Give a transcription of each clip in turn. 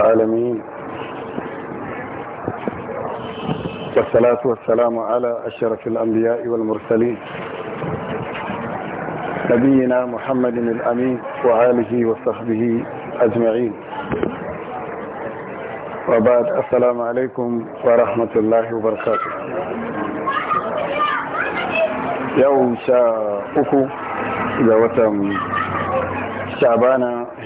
العالمين والصلاة والسلام على أشرف الأنبياء والمرسلين نبينا محمد الأمين وآله وصحبه أجمعين وبعد السلام عليكم ورحمة الله وبركاته يوم شاء أكو إذا وتم شعبانا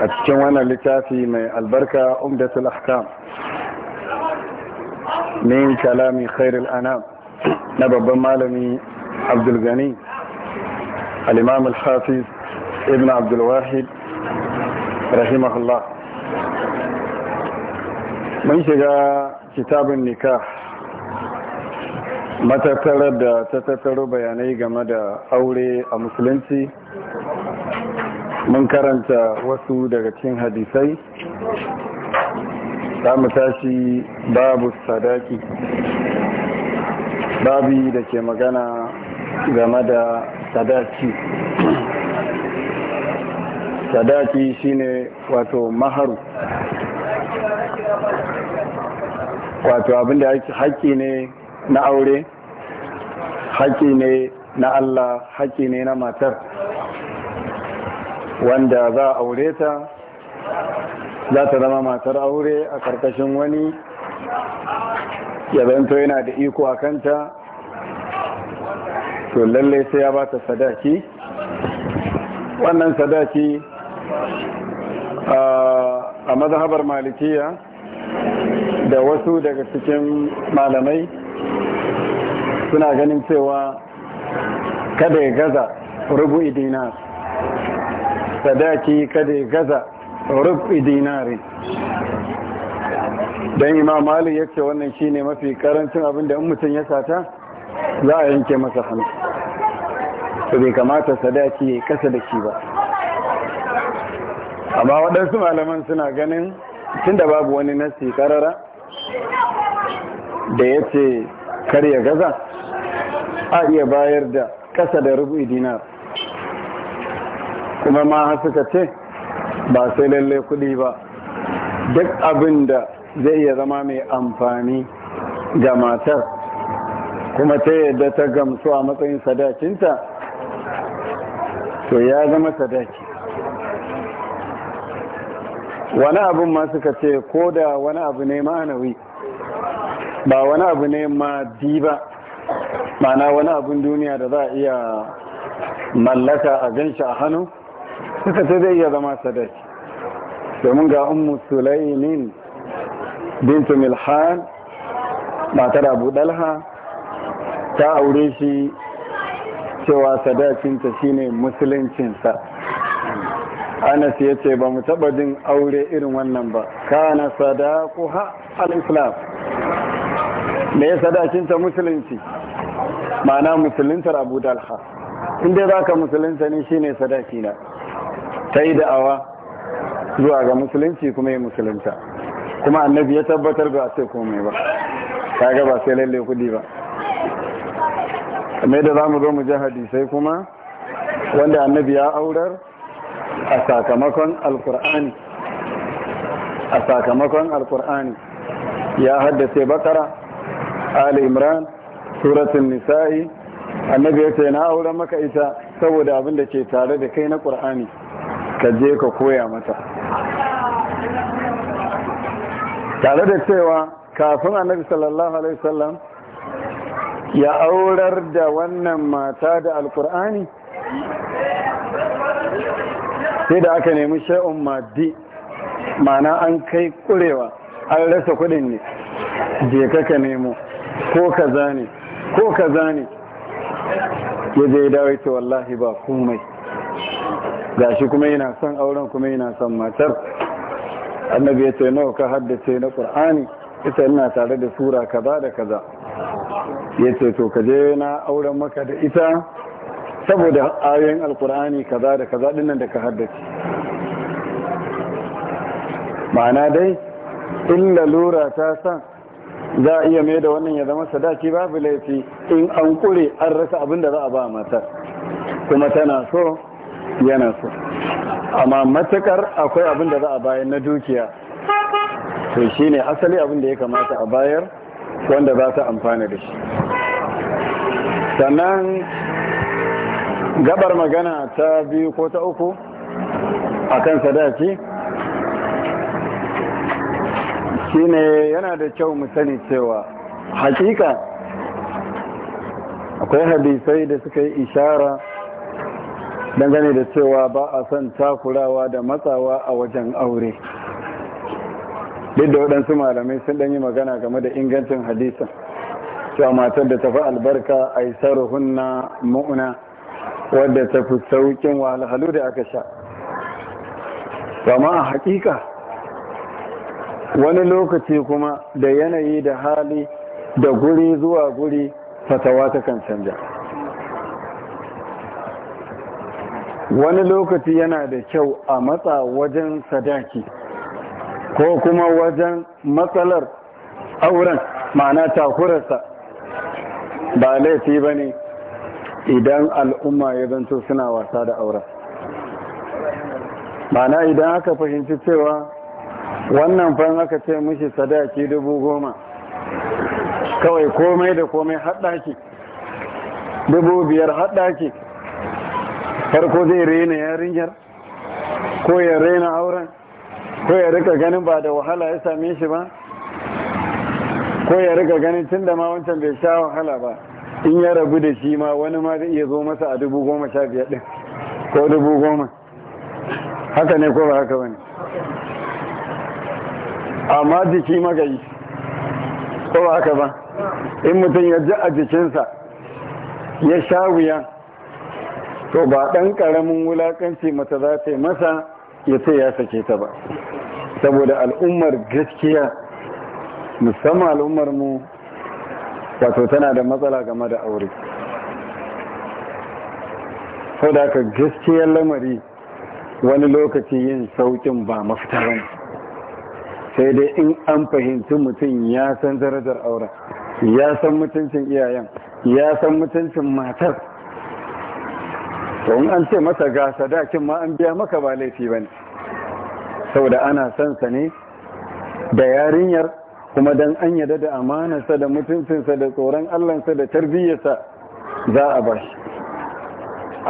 a cikin wannan littafi mai albarka umdatul ahkam min kalami khairul anam na babban malami abdul gani al-imam al-hafiz ibn abdul wahid rahimahullah mun shiga kitabun nikah matattarar da ta tattaro bayanai game da aure a musulunci mun karanta wasu daga cikin hadisai za mu tashi babu sadaki babi da ke magana game da sadaki sadaki shine wato maharu wato abinda haƙƙi ne na aure haƙƙi ne na Allah haƙƙi ne na matar wanda za a aure ta za ta zama matar aure a karkashin wani ya yana da iko a kanta to lalle sai ya ba ta sadaki wannan sadaki a mazhabar malikiya da wasu daga cikin malamai suna ganin cewa kada ya gaza rubu idina. sadaki kada ya gaza rufi dinari don imam malik ya ce wannan shi ne mafi karancin abin da in mutum ya sata za a yanke masa hannu su bai kamata sadaki ya kasa da shi ba amma waɗansu malaman suna ganin tun da babu wani nasi karara da ya ce karya gaza a iya bayar da kasa da rubu dinar kuma ma suka ce ba sai lalle kuɗi ba duk abin da zai iya zama mai amfani ga matar kuma ta yadda ta gamsu a matsayin sadakinta to ya zama sadaki wani abin ma suka ce ko da wani abu ne ma'anawi ba wani abu ne madi ba mana wani abin duniya da za a iya mallaka a ganshi a hannu suka ce zai iya zama sadaki domin ga ummu sulaimin bintu milhan matar abu dalha ta aure shi cewa sadakinta shine musuluncinsa anas ya ce ba mu taɓa jin aure irin wannan ba kana sadaku ha al-islam me ya sadakinta musulunci ma'ana musuluntar abu dalha inda za ka musulunta ne shine sadakina ta yi da'awa zuwa ga musulunci kuma yi musulunta kuma annabi ya tabbatar ba sai komai ba kaga gaba sai lalle kudi ba kamar da za mu zo mu ji hadisai kuma wanda annabi ya aurar a sakamakon alkur'ani a sakamakon alkur'ani ya haddace bakara ali imran suratun nisa'i annabi ya ce na auren maka ita saboda abinda ke tare da kai na ƙur'ani ka je ka koya mata tare da cewa kafin annabi sallallahu alaihi wasallam ya aurar da wannan mata da alkur'ani sai da aka nemi sha'un maddi mana an kai kurewa an rasa kudin ne je ka ka nemo ko ka zane, ko ka zane, ya je dawo ita wallahi ba komai shi kuma yana son auren kuma yana son matar annabi ya ce nawa ka haddace na qur'ani ita ina tare da sura kaza da kaza ya ce to ka je na auren maka da ita saboda ayoyin alqur'ani kaza da kaza dinnan da ka haddace ma'ana dai in lura ta san za a iya mai da wannan ya zama sadaki babu laifi in an kure an rasa abin da za a ba matar kuma tana so yana so amma matakar akwai abin da za a bayar na dukiya to shi ne asali abin da ya kamata a bayar wanda za ta amfana da shi sannan gabar magana ta biyu ko ta uku a kan sadaki shi ne yana da kyau mu cewa hakika akwai hadisai da suka yi ishara dangane da cewa ba a son takurawa da matsawa a wajen aure duk da waɗansu malamai sun ɗanyi magana game da ingancin hadisan cewa matar da tafi albarka a yi sarruhunna ma'una wadda ta fi saukin wahalhalu da aka sha kama a haƙiƙa, wani lokaci kuma da yanayi da hali da guri zuwa guri fatawa ta kan canja wani lokaci yana da kyau a matsa wajen sadaki ko kuma wajen matsalar auren ma'ana takurarsa ba laifi ba ne idan al'umma ya zanto suna wasa da auren ma'ana idan aka fahimci cewa wannan fan aka ce mushi sadaki dubu goma kawai komai da komai haɗaki dubu biyar haɗaki kar ko zai rena yarinyar ko ya rena auren ko ya rika ganin ba da wahala ya same shi ba ko ya rika ganin tun da ma wancan bai sha wahala ba in ya rabu da shi ma wani ma zai iya zo masa a dubu goma sha biyar ɗin ko dubu goma haka ne ko ba haka ba ne amma jiki magayi ko ba haka ba in mutum ya ji a jikinsa ya sha wuya to ba ɗan ƙaramin wulaƙanci mata za ta yi masa ya ce ya sake ta ba saboda al'ummar gaskiya musamman al'ummar mu wato tana da matsala game da aure sau da gaskiyar lamari wani lokaci yin saukin ba mafitarin sai dai in an fahimci mutum ya san darajar aure ya san mutuncin iyayen ya san mutuncin matar to in an ce masa ga sadakin ma an biya maka ba laifi ba ne saboda ana son sa ne da yarinyar kuma dan an yarda da amanarsa da mutuncinsa da tsoron allansa da tarbiyyarsa za a ba shi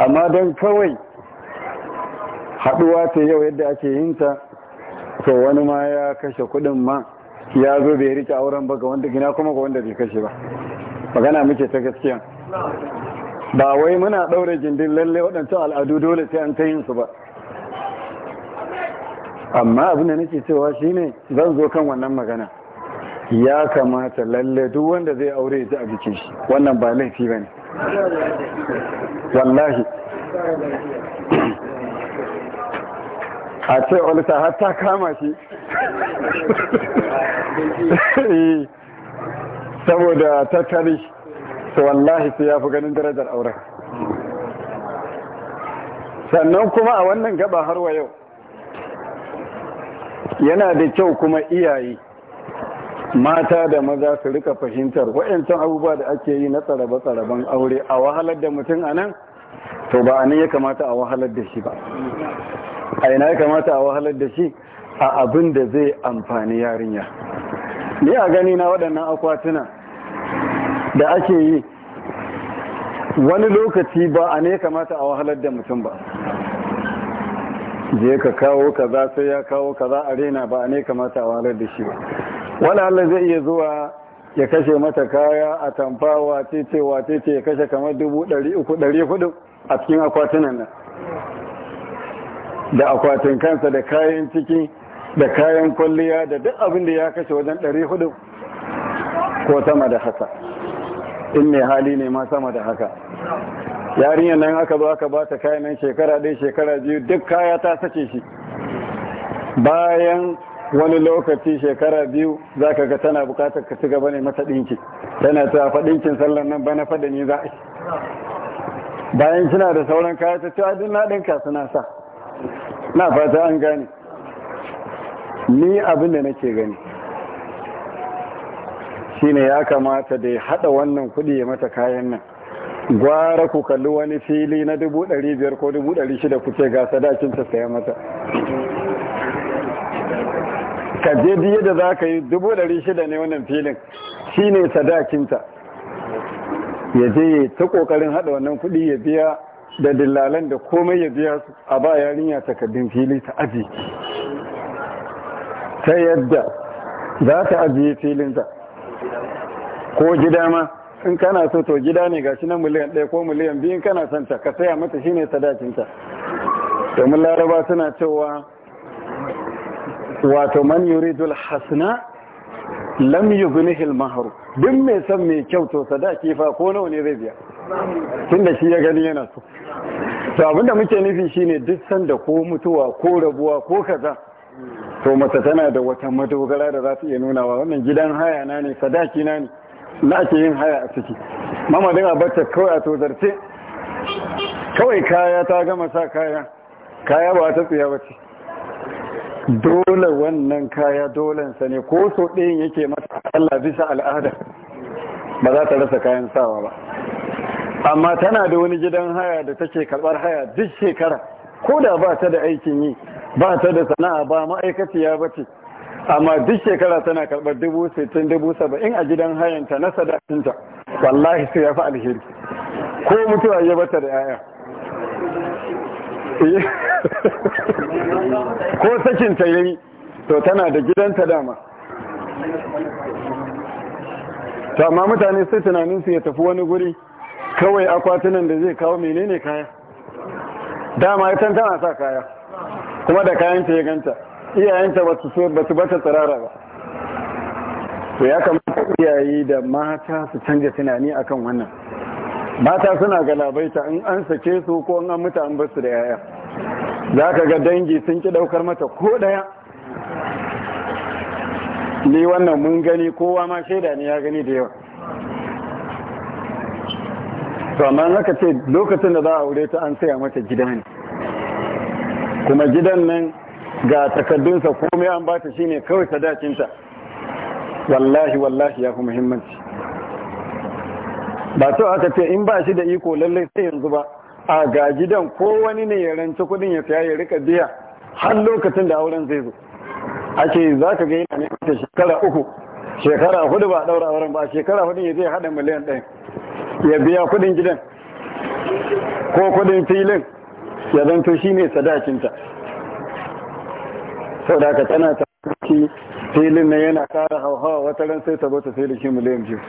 amma don kawai haduwa ta yau yadda ake yin ta to wani ma ya kashe kudin ma ya zo bai rike auren ba ga wanda gina kuma ga wanda bai kashe ba magana muke ta gaskiya ba wai muna ɗaure jindin lalle waɗancan al'adu dole sai an ta yin su ba amma abin da nake cewa shine zan zo kan wannan magana ya kamata lalle duk wanda zai aure ya ji a jikin shi wannan ba laifi ba ne wallahi a ce olita har ta kama shi eh. saboda ta tarihi to wallahi sai ya fi ganin darajar auren sannan kuma a wannan gaba har wa yau yana da kyau kuma iyaye mata da maza su rika fahimtar wa'yancan abubuwa da ake yi na tsarabe-tsaraben aure a wahalar da mutum a nan to ba a nan ya kamata a wahalar da shi ba a ina ya kamata a wahalar da shi a abin da zai amfani yarinya ni a gani na waɗannan akwatuna da ake yi wani lokaci ba a ne kamata a wahalar da mutum ba je ka kawo kaza sai ya kawo kaza a rena ba a ne kamata a wahalar da shi ba wani Allah zai iya zuwa ya kashe mata kaya a tamfawa tece wa ya kashe kamar dubu ɗari uku ɗari hudu a cikin akwatunan nan da akwatin kansa da kayan ciki da kayan kwalliya da duk abin da ya kashe wajen ɗari hudu ko sama da haka in mai hali ne ma sama da haka yarinyar nan aka zo aka bata kayan nan shekara ɗaya shekara biyu duk kaya ta sace shi bayan wani lokaci shekara biyu za ka ga tana bukatar ka ci gaba ne mata ɗinki tana ta faɗinkin sallar nan bana faɗa ni za a yi bayan kina da sauran kaya ta ci adin na ɗinka suna sa na fata an gane ni abin da nake gani shine ya kamata da ya haɗa wannan kuɗi ya mata kayan nan gwara ku kalli wani fili na dubu ɗari biyar ko dubu ɗari shida ku ce ga sadakin ta saya mata ka je diye da za ka yi dubu ɗari shida ne wannan filin shi ne sadakinta ya je ya ta ƙoƙarin haɗa wannan kuɗi ya biya da dillalan da komai ya biya su a ba yarinya takardun fili ta aji ta yadda za ta ajiye filinta ko gida ma in kana so to gida ne ga shi na miliyan ɗaya ko miliyan biyu kana son ta ka saya mata shi shine sadakinta domin laraba suna cewa wato man yuridul hasna lam yughnihi mahr duk mai san mai kyau to sadaki fa ko nawa ne zai biya tunda shi ya gani yana so to abinda muke nufi shine duk sanda ko mutuwa ko rabuwa ko kaza to mace tana da wata madogara da za su iya nunawa wannan gidan haya na ne sadaki na ne na ake yin haya a ciki mamadin abarta kawai a tozarce kawai kaya ta gama sa kaya kaya ba ta tsaya ba dole wannan kaya dolensa ne ko so ɗayan yake mata Allah bisa al'ada ba za ta rasa kayan sawa ba amma tana da wani gidan haya da take karɓar haya duk shekara ko da ba ta da aikin yi ba ta da sana'a ba ma'aikaciya ba ce amma duk shekara tana karɓar dubu sittin dubu saba'in a gidan hayanta na sadakinta wallahi sai ya fi alheri ko mutuwa ya bata da yaya ko sakinta ya yi to tana da gidanta dama to amma mutane sai tunaninsu ya tafi wani guri kawai akwatunan da zai kawo menene kaya dama ya tantana sa kaya kuma da kayan ta ya ganta iyayenta ba su bata tsirara ba to ya kamata iyaye da mata su canja tunani akan wannan mata suna galabaita in an sake su ko an mutu an basu da yaya za ka ga dangi sun ki daukar mata ko daya ni wannan mun gani kowa ma shaida ne ya gani da yawa to amma haka ce lokacin da za a aure ta an saya mata gida ne kuma gidan nan ga takaddunsa komai an ba ta shi ne kawai dacinta wallahi wallahi ya fi muhimmanci ba to aka ce in ba shi da iko lallai sai yanzu ba a ga gidan ko wani ne ya ranci kudin ya saya ya rika biya har lokacin da auren zai zo ake za ka ga yana neman ta shekara uku shekara hudu ba daura auren ba shekara hudu ya zai hada miliyan ɗaya ya biya kudin gidan ko kudin filin ya zanto shi ne sadakinta sau da ka tana ta ci filin na yana kara hauhawa wata ran sai ta filin shi miliyan biyu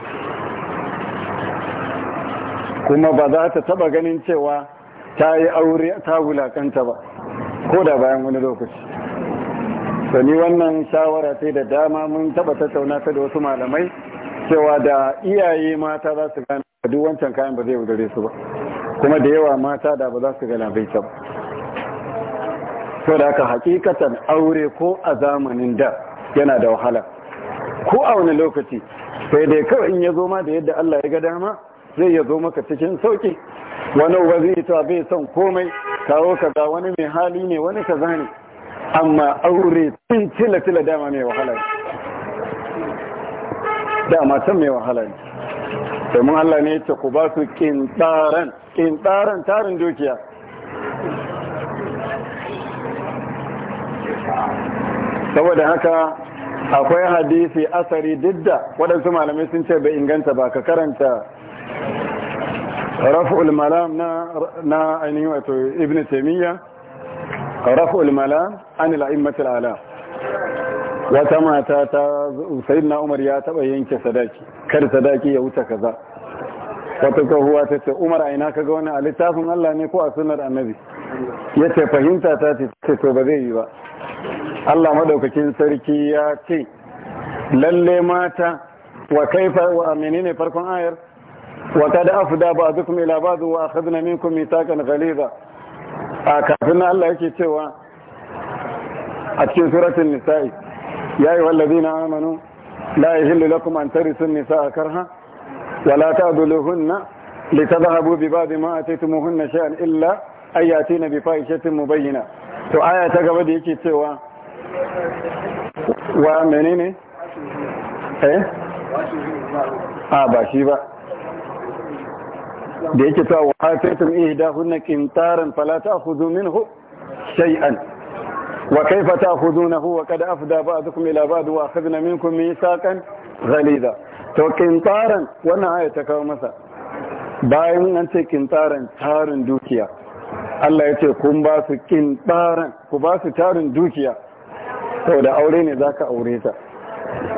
kuma ba za ta taba ganin cewa ta yi aure ta wulakanta ba ko da bayan wani lokaci sani wannan shawara sai da dama mun taba tattauna ta da wasu malamai cewa da iyaye mata za su gane duk wancan kayan ba zai wudare su ba kuma da yawa mata da ba za su gana bai ba so da aka hakikatan aure ko a zamanin da yana da wahala ko a wani lokaci sai dai kawai in ya zo ma da yadda Allah ya ga dama zai ya zo maka cikin sauki wani uba zai ta bai son komai kawo ka ga wani mai hali ne wani kaza ne amma aure tun tilatila dama mai wahala ne dama can mai wahala ne domin Allah ne ce ku ba su kintaran kintaran tarin dukiya saboda haka akwai hadisi asari didda waɗansu malamai sun ce bai inganta ba ka karanta raf'ul malam na ainihin wato ibnu taimiyya raf'ul malam an al'immatul ala wata mata ta sayyidina umar ya taba yanke sadaki kar sadaki ya wuce kaza wata tsohuwa ta ce umar a ina kaga wani a littafin Allah ne ko a sunar annabi ya ce fahimta ta ce to ba zai yi ba Allah madaukakin sarki ya ce lalle mata wa kaifa wa ne farkon ayar wa kad afda ba'dukum ila ba'd wa akhadna minkum mithaqan ghaliza a kafin Allah yake cewa a cikin suratun nisa'i يا أيها الذين آمنوا لا يحل لكم أن ترثوا النساء كرها ولا تعدلوهن لتذهبوا ببعض ما أتيتموهن شيئا إلا أن يأتين بفاحشة مبينة to aya ta gaba da yake cewa wa menene eh a ba shi ba da yake cewa wa fala وكيف تأخذونه وقد أفدى بعضكم إلى بعض وأخذنا منكم ميثاقا غليظا to kintaran wannan aya ta kawo masa bayan an ce kintaran tarin dukiya Allah ya ce kun ba su kintaran ku ba su tarin dukiya da aure ne zaka aure ta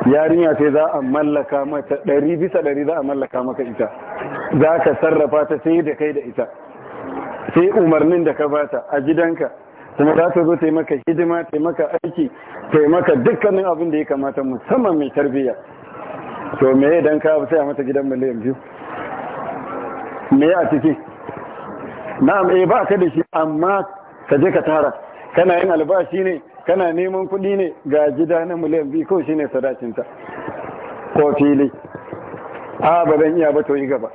yarinya sai za a mallaka mata ɗari bisa ɗari za a mallaka maka ita za ka sarrafa ta sai da kai da ita sai umarnin da ka bata a gidanka kuma za ta zo ta yi maka hidima ta yi maka aiki ta yi maka dukkanin abin da ya kamata musamman mai tarbiyya to me ya dan kawo sai a mata gidan miliyan biyu me a ciki na'am eh ba ka da shi amma ka je ka tara kana yin albashi ne kana neman kuɗi ne ga gida na miliyan biyu ko shine sadakinta ko fili a ba zan iya ba to yi gaba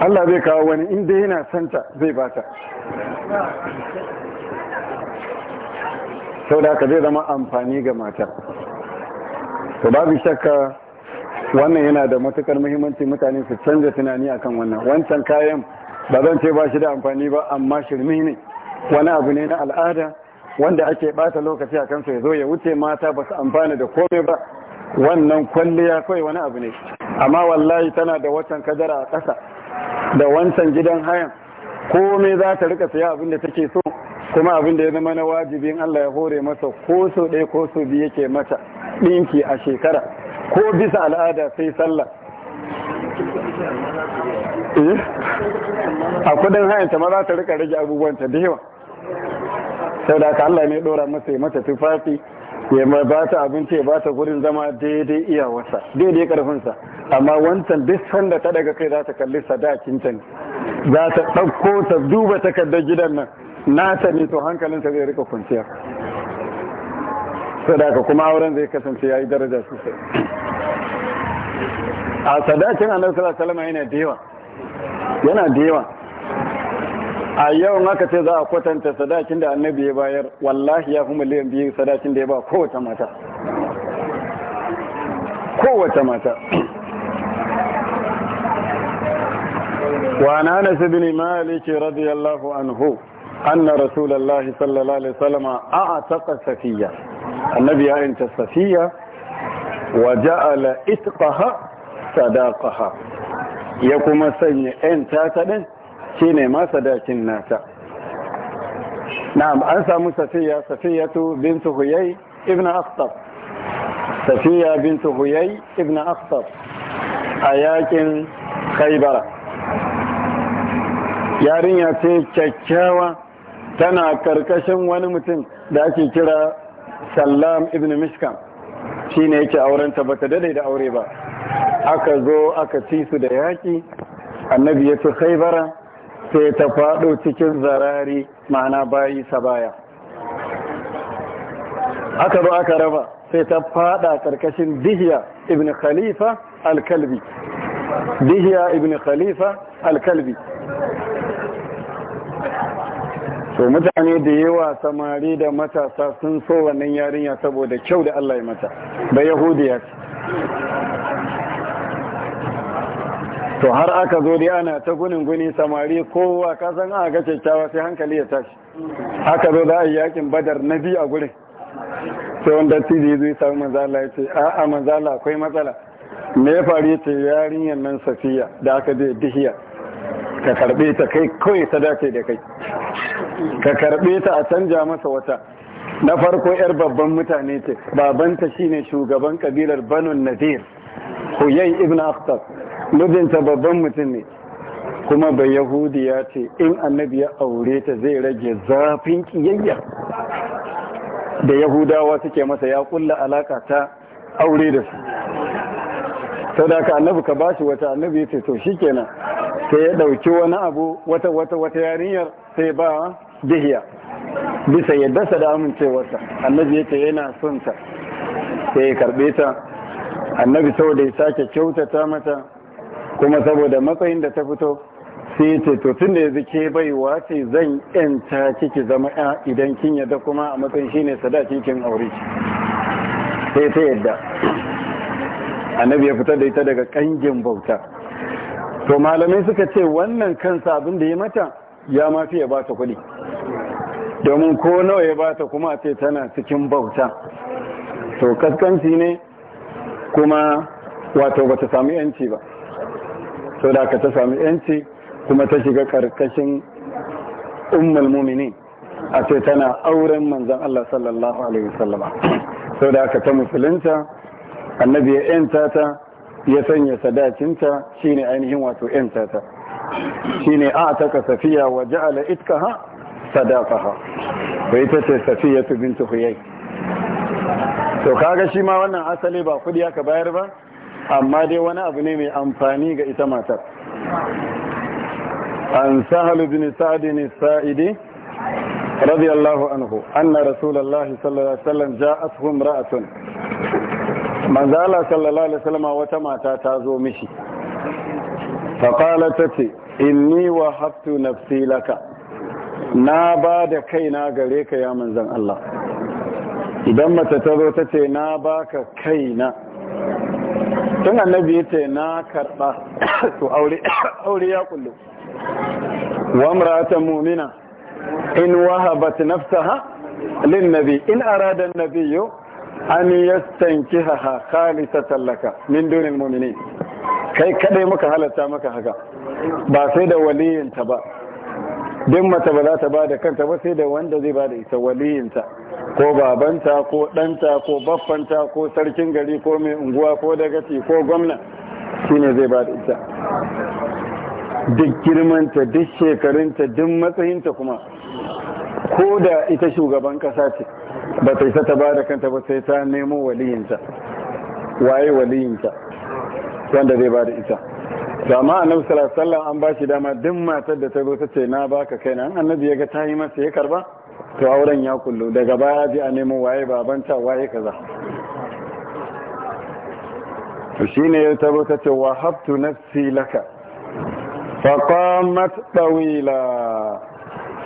Allah zai kawo wani inda yana santa zai bata sau da aka zai zama amfani ga mata to babu shakka wannan yana da matukar muhimmanci mutane su canza tunani akan wannan wancan kayan ba zan ce ba shi da amfani ba amma shirmi ne wani abu ne na al'ada wanda ake bata lokaci a kansa ya zo ya wuce mata ba su amfani da kome ba wannan kwalliya kawai wani abu ne amma wallahi tana da watan kadara a ƙasa da wancan gidan hayan komai za ta rika saya abin da take so kuma abin da ya zama na wajibin Allah ya hore masa ko so ɗaya ko so biyu yake mata ɗinki a shekara ko bisa al'ada sai sallah eh? a kudin hayan ma za ta rika rage abubuwanta da yawa sau da aka Allah ne ɗora masa ya mata tufafi ya ma ba ta abinci ya ba ta gurin zama daidai iyawarsa daidai karfinsa amma wancan duk sanda ta daga kai za ta kalli sadakinta ne za ta ɗauko ta duba takardar gidan nan nata ne to ta zai rika kwanciya sadaka kuma auren zai kasance ya yi daraja sosai a sadakin annabi sallallahu alaihi yana da yawa yana da yawa a yau na ka ce za a kwatanta sadakin da annabi ya bayar wallahi ya fi miliyan biyu sadakin da ya ba kowace mata kowace mata wana na su bi nima radiyallahu anhu anna rasulallah sallallahu alaihi salama a a taka safiya annabi ya yi ta safiya wa ja'ala itqaha sadaqaha ya kuma sanya ƴan tasa din shi ne ma sadakin nata na'am an samu safiya safiyatu bintu huyai ibn akhtab safiya bintu huyai ibn akhtab a yakin kaibara yarinya ce kyakkyawa tana karkashin wani mutum da ake kira sallam ibn mishkan shi ne yake aurenta ba ta daɗe da aure ba aka zo aka ci su da yaƙi annabi ya fi haibara. sai ta faɗo cikin zarari ma'ana bayi sabaya aka zo aka raba sai ta faɗa ƙarƙashin dihiya ibn khalifa alkalbi dihiya ibn khalifa alkalbi so mutane da yawa samari da matasa sun so wannan yarinya saboda kyau da Allah ya mata da yahudiya to har aka zo dai ana ta gunin samari kowa ka san aka ga kyakkyawa sai hankali ya tashi aka zo da yakin badar na biyu a gurin sai wanda tv zai samu manzala ya ce a manzala akwai matsala me ya faru ce yarinyar nan safiya da aka je dihiya ka karbe ta kai kawai ta dace da kai ka karbe ta a canja masa wata na farko yar babban mutane ce babanta shine shugaban kabilar banu nadir huyai ibn akhtar mijinta babban mutum ne kuma bai yahudi ya ce in annabi ya aure ta zai rage zafin kiyayya da yahudawa suke masa ya kulla alaka ta aure da su Sadaka annabi ka bashi wata annabi ya ce to shi kenan sai ya ɗauki wani abu wata wata wata yarinyar sai ba dihiya bisa yadda da amincewarsa annabi ya ce yana son ta sai ya karɓe ta annabi saboda ya sake kyautata mata kuma saboda matsayin da ta fito sai ce to tun da yanzu ke baiwa ce zan yanta kiki zama ya idan kin yadda kuma a matsayin shine sadakin kin aure sai ta yadda annabi ya fitar da ita daga kangin bauta to malamai suka ce wannan kansa abin da ya mata ya mafi ya ba ta kuɗi domin ko nawa ya ba ta kuma ce tana cikin bauta to kaskanci ne kuma wato bata samu yanci ba sau da aka ta sami yanci kuma ta shiga karkashin ummul mummini, a ce tana auren manzan Allah sallallahu alaihi wasallama sau da aka ta musulunta annabi ya yanta ta ya sanya sadacinta shine ainihin wato yanta ta ne a ka safiya wa ja'ala Sadafa ha? bai ta ce safiyatu bintu tuhuyai to kaga shi ma wannan asali ba kudi aka bayar ba amma dai wani abu ne mai amfani ga ita matar an sahal bin sa'd bin sa'idi radiyallahu anhu anna rasulullahi sallallahu alaihi wasallam ja'atuhum ra'atun manzo Allah sallallahu alaihi wasallam wata mata ta zo mishi fa qalat tati inni wahabtu nafsi laka na ba da kaina gare ka ya manzon Allah idan mace ta zo ta ce na baka kaina tun annabi ya ce na karɓa to aure ya kullu wa muratan mumina in wahabat nafsaha lin nabi in arada an-nabiyyu ha yastankihaha tallaka, laka min dunin mumini kai kaɗai muka halatta maka haka ba sai da waliyinta ba duk mace ba za ta ba da kanta ba sai da wanda zai ba da ita waliyinta ko babanta ko ɗanta ko baffanta ko sarkin gari ko mai unguwa ko dagaci ko gwamna shine zai ba da ita duk girmanta duk shekarunta duk matsayinta kuma ko da ita shugaban kasa ce ba ta isa ta ba da kanta ba sai ta nemo waliyinta waye waliyinta wanda zai ba da ita da ma annabi sallallahu alaihi wasallam an bashi dama duk matar da ta zo ta ce na baka kaina an annabi ya ga ta yi masa ya karba to auren ya kullu daga baya ji a nemo waye babanta waye kaza to shine ya taro ta ce wa habtu nafsi laka fa qamat tawila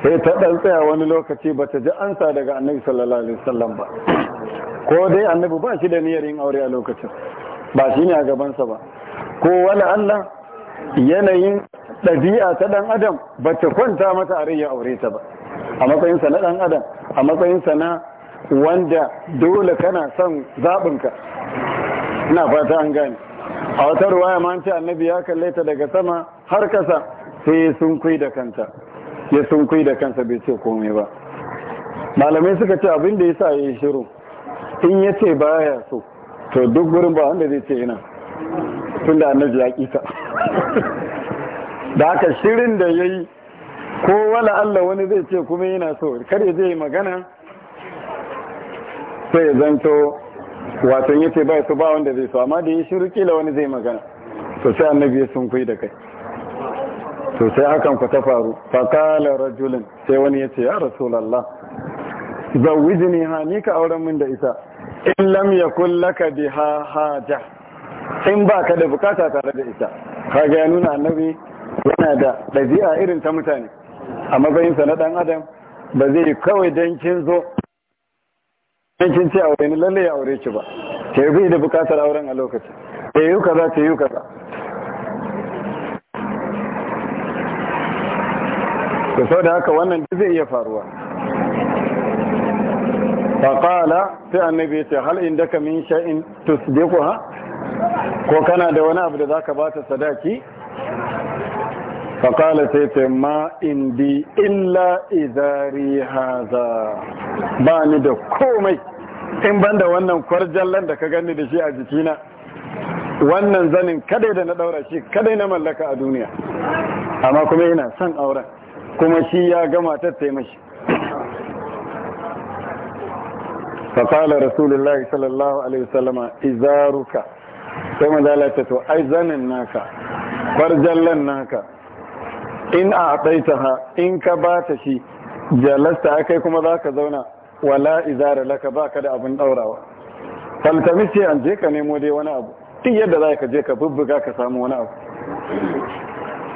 sai ta dan tsaya wani lokaci bata ji ansa daga annabi sallallahu alaihi wasallam ba ko dai annabi ba shi da niyyar yin aure a lokacin ba shine a gabansa ba ko wani Allah yanayin ɗabi'a ta ɗan adam ba ta kwanta mata a ya aure ta ba a matsayinsa na ɗan adam a matsayinsa na wanda dole kana son zaɓinka na fata an gane a wata ruwaya ma annabi ya kalle ta daga sama har kasa sai sun kai da kanta ya sun kai da kansa bai ce komai ba malamai suka ce abin da ya sa ya yi shiru in yace baya so to duk gurin ba wanda zai ce yana tunda annabi ya kisa. da haka shirin da ya yi ko wala Allah wani zai ce kuma yana so kare zai magana sai ya zanto wato ya ce bai su ba wanda zai so amma da ya shiru kila wani zai magana to sai annabi ya sun kuyi da kai to hakan ku ta faru fakalar rajulun sai wani ya ce ya rasulallah zawijini ha ni ka auren min da isa in lam yakul laka biha haja in ba ka da bukata tare da ita kaga ya nuna annabi yana da ɗabi'a irin ta mutane a matsayinsa na ɗan adam ba zai yi kawai don kin zo don kin ce aure wani lalle ya aure ki ba ta yi da bukatar auren a lokacin ta eh, yi kaza ta yi kaza da sau da haka wannan duk zai iya faruwa faƙala sai annabi ya ce hal inda ka min sha'in tusdiku ha ko kana da wani abu da za ka bata sadaki faƙala sai ce ma indi illa izari haza ba ni da komai in ban da wannan kwarjallan da ka gani da shi a jikina wannan zanin kadai da na daura shi kadai na mallaka a duniya amma kuma yana son auren kuma shi ya gama tattai mashi faƙala rasulullahi sallallahu alaihi wasallama izaruka sai manzala ta to ai zanin naka farjallan naka in a ɗaita ha in ka ba ta shi jalasta kai kuma za ka zauna wala izara laka ba ka da abin ɗaurawa. faltamis ce an je ka nemo dai wani abu tun yadda za ka je ka bubbuga ka samu wani abu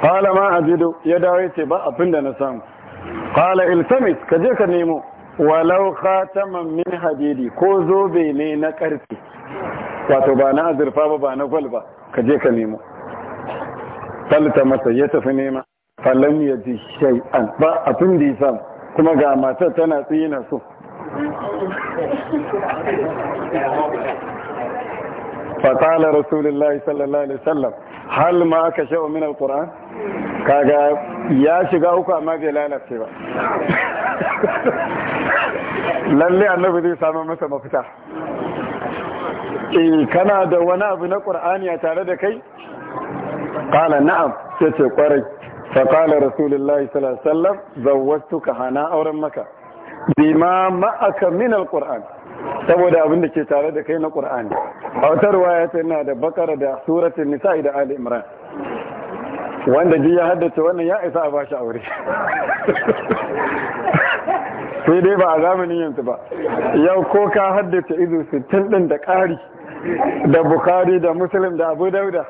Fala ma a jido ya dawo ya ce ba abin da na samu kala iltamis ka je ka nemo walau khataman min hadidi ko zobe ne na ƙarfe. wato ba na azurfa ba ba na gwal ba ka je ka nemo falta masa ya tafi nema falon ya ji shai'an ba tun da ya kuma ga matar tana tsina so fatala rasulullahi sallallahu alaihi sallam hal ma aka shawo min alquran kaga ya shiga uku amma bai lalace ba lalle annabi zai samu masa mafita eh kana da wani abu na qur'ani a tare da kai qala na'am sai ce kwarai fa qala rasulullahi sallallahu alaihi wasallam zawwatuka hana auren maka bima ma'aka min alquran saboda abin da ke tare da kai na qur'ani a ya tana da bakara da suratul nisa da ali imran wanda ji ya haddace wannan ya isa a bashi aure sai dai ba a zamanin yanzu ba yau ko ka haddace izu sittin ɗin da ƙari da bukari da musulun da abu dauda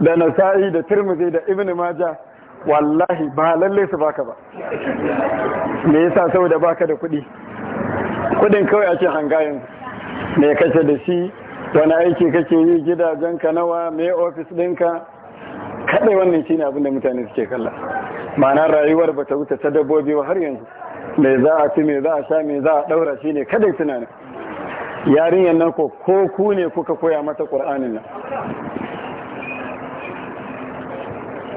da nasa'i da turmuzi da ibn maja wallahi ba lalle su baka ba me yasa saboda baka da kuɗi kuɗin kawai ake hangayen me kace da shi wani aiki kake yi gidajenka nawa me ofis ɗinka kaɗai wannan shine abin da mutane suke kalla Mana rayuwar ba ta wuce ta dabbobi har yanzu mai za a ci mai za a sha mai za a daura shi ne kada tunanin yarinyar nan ko ku ne kuka koya mata ƙur'anin nan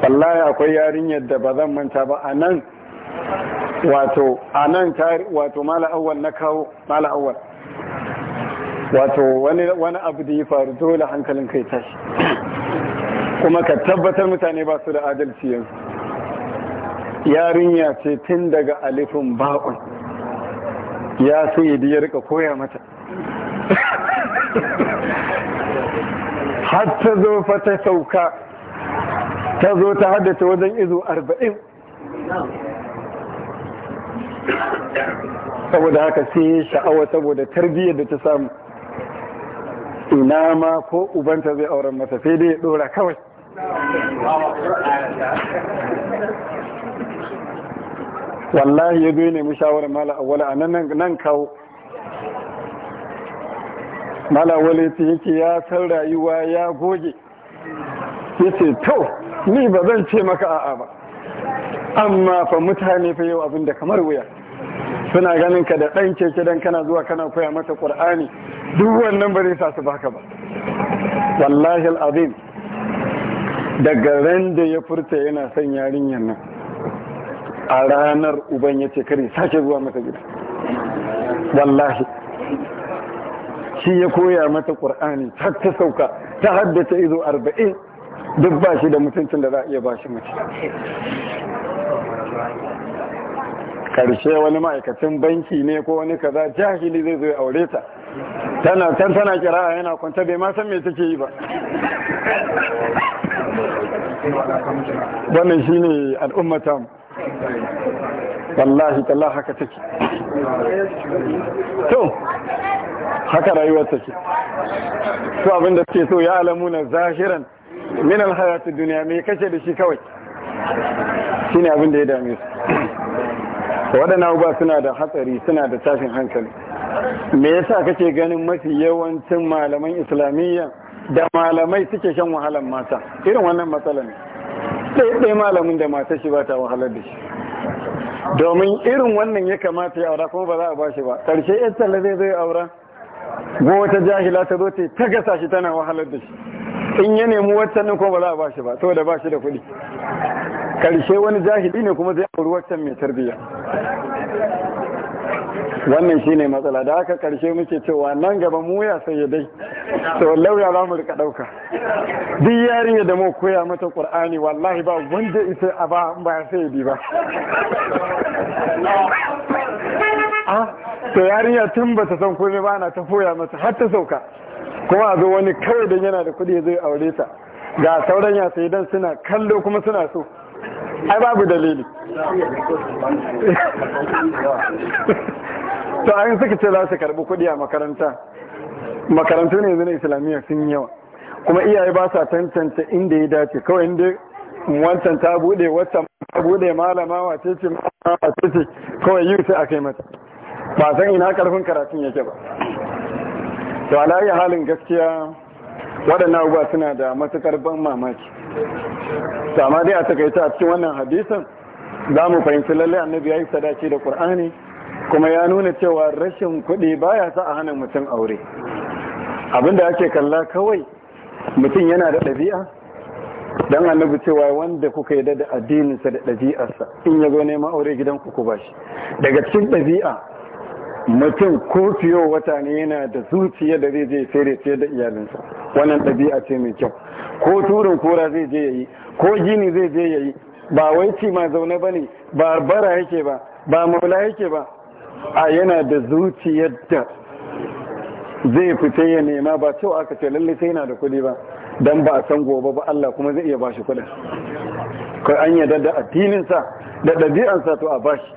wallahi akwai yarinyar da ba zan manta ba a nan wato a nan wato mala'awar na kawo mala'awar wato wani abu da ya faru dole hankalin kai tashi kuma ka tabbatar mutane ba su da adalci yanzu yarinya ce tun daga alifin bakon ya so ya rika koya mata har ta zo fa ta sauka ta zo ta haddace wajen izo arba'in saboda haka sai sha'awa saboda tarbiyyar da ta samu ina ma ko ubanta zai auren masa sai dai ya dora kawai wallahi ya zo ne nemi shawarar mala a nan kawo mala awwala yake ya san rayuwa ya goge ya ce to ni ba zan ce maka a'a ba amma fa mutane fa yau abinda kamar wuya suna ganin ka da ɗan keke don kana zuwa kana koya mata ƙur'ani duk wannan ba zai sa su baka ba wallahi al'azim daga ran da ya furta yana son yarinyar nan a ranar uban ya ce kare sake zuwa mata gida wallahi shi ya koya mata ƙur'ani har ta sauka ta haddace izo arba'in duk ba shi da mutuncin da za a iya ba shi mace karshe wani ma'aikacin banki ne ko wani kaza jahili zai zai aure ta tana can tana kira yana kwanta bai ma san me take yi ba wannan shi ne al'ummatan wallahi tallahi haka take to haka rayuwar take su abinda suke so ya alamuna zahiran min alhayatu duniya me kace da shi kawai shine abin da ya dame su waɗannan uba suna da hatsari suna da tashin hankali me yasa kake ganin mafi yawancin malaman islamiyya da malamai suke shan wahalar mata irin wannan matsalar ne ɗaiɗai malamin da matar shi ba ta wahalar da shi domin irin wannan ya kamata ya aura kuma ba za a ba shi ba ƙarshe yan talla zai zai aura ko wata jahila ta zo ta ta gasa shi tana wahalar da shi in ya nemi wancan nan kuma ba za a ba shi ba saboda ba shi da kuɗi ƙarshe wani jahili ne kuma zai auri wancan mai tarbiyya wannan shi ne matsala da aka karshe muke cewa nan gaba mu ya sai dai to lauya za mu rika dauka duk yarinya da mu koya mata qur'ani wallahi ba wanda ita a ba ba sai bi ba ah to yarinya tun bata san komai ba na ta koya mata har ta sauka kuma a zo wani kawai dan yana da kudi zai aure ta ga sauran ya sai dan suna kallo kuma suna so ai babu dalili to an suka ce za su karbi kudi a makaranta makarantu ne yanzu na islamiyya sun yawa kuma iyaye ba sa tantance inda ya dace kawai inda wancan ta bude wata ta bude malama wace ce wace ce kawai yi sai aka yi mata ba san ina karfin karatun yake ba to alayi halin gaskiya waɗannan abubuwa suna da matukar ban mamaki sama dai a takaita a cikin wannan hadisan, za mu fahimci lalle annabi ya yi sadaki da ƙur'ani kuma ya nuna cewa rashin kuɗi ba ya sa a hana mutum aure abinda ake kalla kawai mutum yana da ɗabi'a don annabi cewa wanda kuka yi da addininsa da ɗabi'arsa in ya zo neman aure gidan ku ku bashi daga cikin ɗabi'a mutum ko fiye wata ne yana da zuciya da zai je fere da iyalinsa wannan ɗabi'a ce mai kyau ko turin kura zai je yayi ko gini zai je yayi ba wai ci ma zaune ba ne ba bara yake ba ba maula yake ba a yana da zuciyar da zai fita ya nema ba cewa aka ce lalle sai yana da kuɗi ba dan ba a san gobe ba Allah kuma zai iya bashi kuɗin kai an yarda da addinin sa, da ɗabi'an sa to a bashi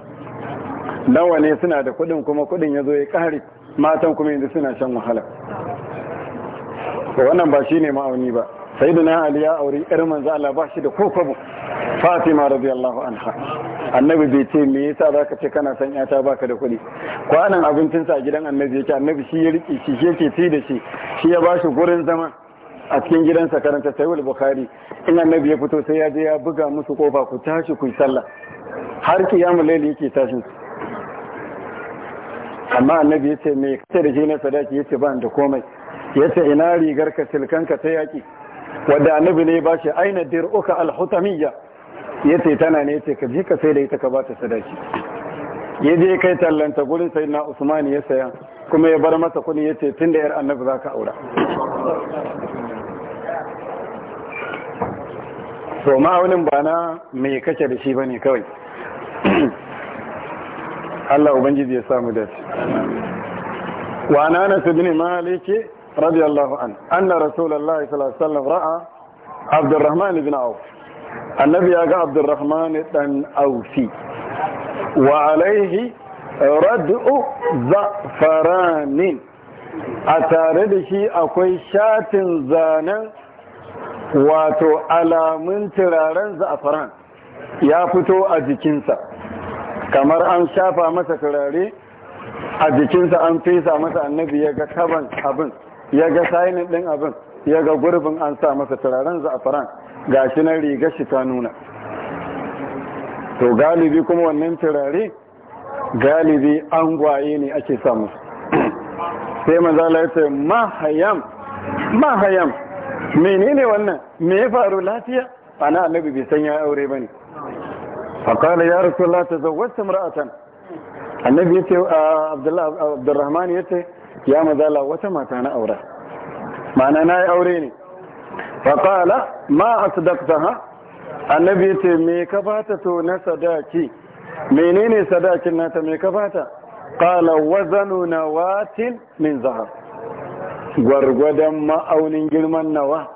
nawa ne suna da kuɗin kuma kuɗin ya zo ya ƙare matan kuma yanzu suna shan wahala to wannan ba ne ma'auni ba na ali ya auri irin manzo Allah ba shi da kokobu fatima radiyallahu anha annabi bai ce me yasa zaka ce kana san yata baka da kuɗi kwanan abincin sa gidan annabi yake annabi shi ya rike shi shi yake ci da shi shi ya bashi gurin zama a cikin gidansa karanta sayyid bukhari in annabi ya fito sai ya je ya buga musu kofa ku tashi ku yi sallah har kiyamul layl yake tashin amma annabi ya ce mai kace da shi na sadaki ya ce ba da komai ya ce ina rigar ka silkan ka ta yaki wadda annabi ne ba shi aina dir'uka alhutamiyya ya ce tana ne ce ka ji ka sai da ita ka ba ta sadaki ya je kai tallanta gurin sai na usmani ya saya kuma ya bar masa kuɗi ya ce tun da yar annabi za ka aura to ma'aunin ba na mai kace da shi ba kawai Allah ubangiji ya samu dace wa ne ibn malik radiyallahu an anna rasulullahi sallallahu alaihi sallam ra'a abdurrahman ibn auf annabi ya ga abdurrahman dan aufi wa alaihi za za'faranin a tare da shi akwai shatin zanen wato alamun turaren za'afaran ya fito a jikinsa kamar an shafa masa turare a jikinsa an fesa masa annabi ya ga taban abin ya ga sainin ɗin abin ya ga gurbin an sa masa turaren faran, ga shi na riga shi ta nuna to galibi kuma wannan turare galibi an gwaye ne ake samu sai manzala ya ce mahayam mahayam menene wannan me ya faru lafiya ana annabi bai san ya aure ba ne faƙala ya rasu Allah ta zawwata mura'atan annabi ya ce abdurrahman ya ce ya mazala wata mata na aure, ma'ana na yi aure ne faƙala ma a sadakta ha annabi ce me ka bata to na sadaki menene sadakin nata me ka bata ƙala wazanu na watin min zahar gwargwadon ma'aunin girman nawa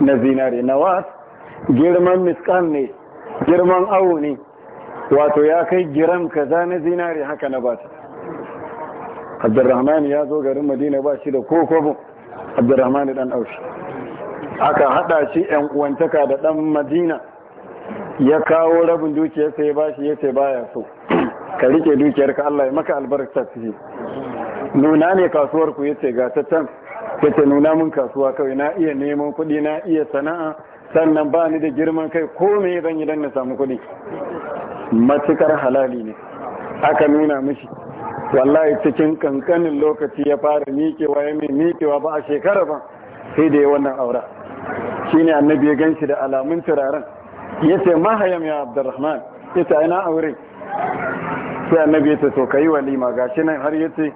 na zinare nawa girman miskan ne girman awo ne wato ya kai giram kaza na zinari haka na ba ta abdurrahman ya zo garin madina ba shi da kokobo abdurrahman dan aushi aka hada shi yan uwantaka da dan madina ya kawo rabin sai ya shi yace baya so ka rike dukiyarka Allah ya maka albarka ciki nuna ne kasuwar ku yace ga ta can yace nuna mun kasuwa kawai na iya neman kuɗi na iya sana'a sannan ba ni da girman kai ko me zan yi don na samu kuɗi matukar halali ne aka nuna mishi wallahi cikin kankanin lokaci ya fara miƙewa ya mai miƙewa ba a shekara ba sai da ya wannan aura shine annabi ya ganshi da alamun turaren Ya ce mahayam ya abdurrahman ce ina aure sai annabi yace to kai walima gashi nan har yace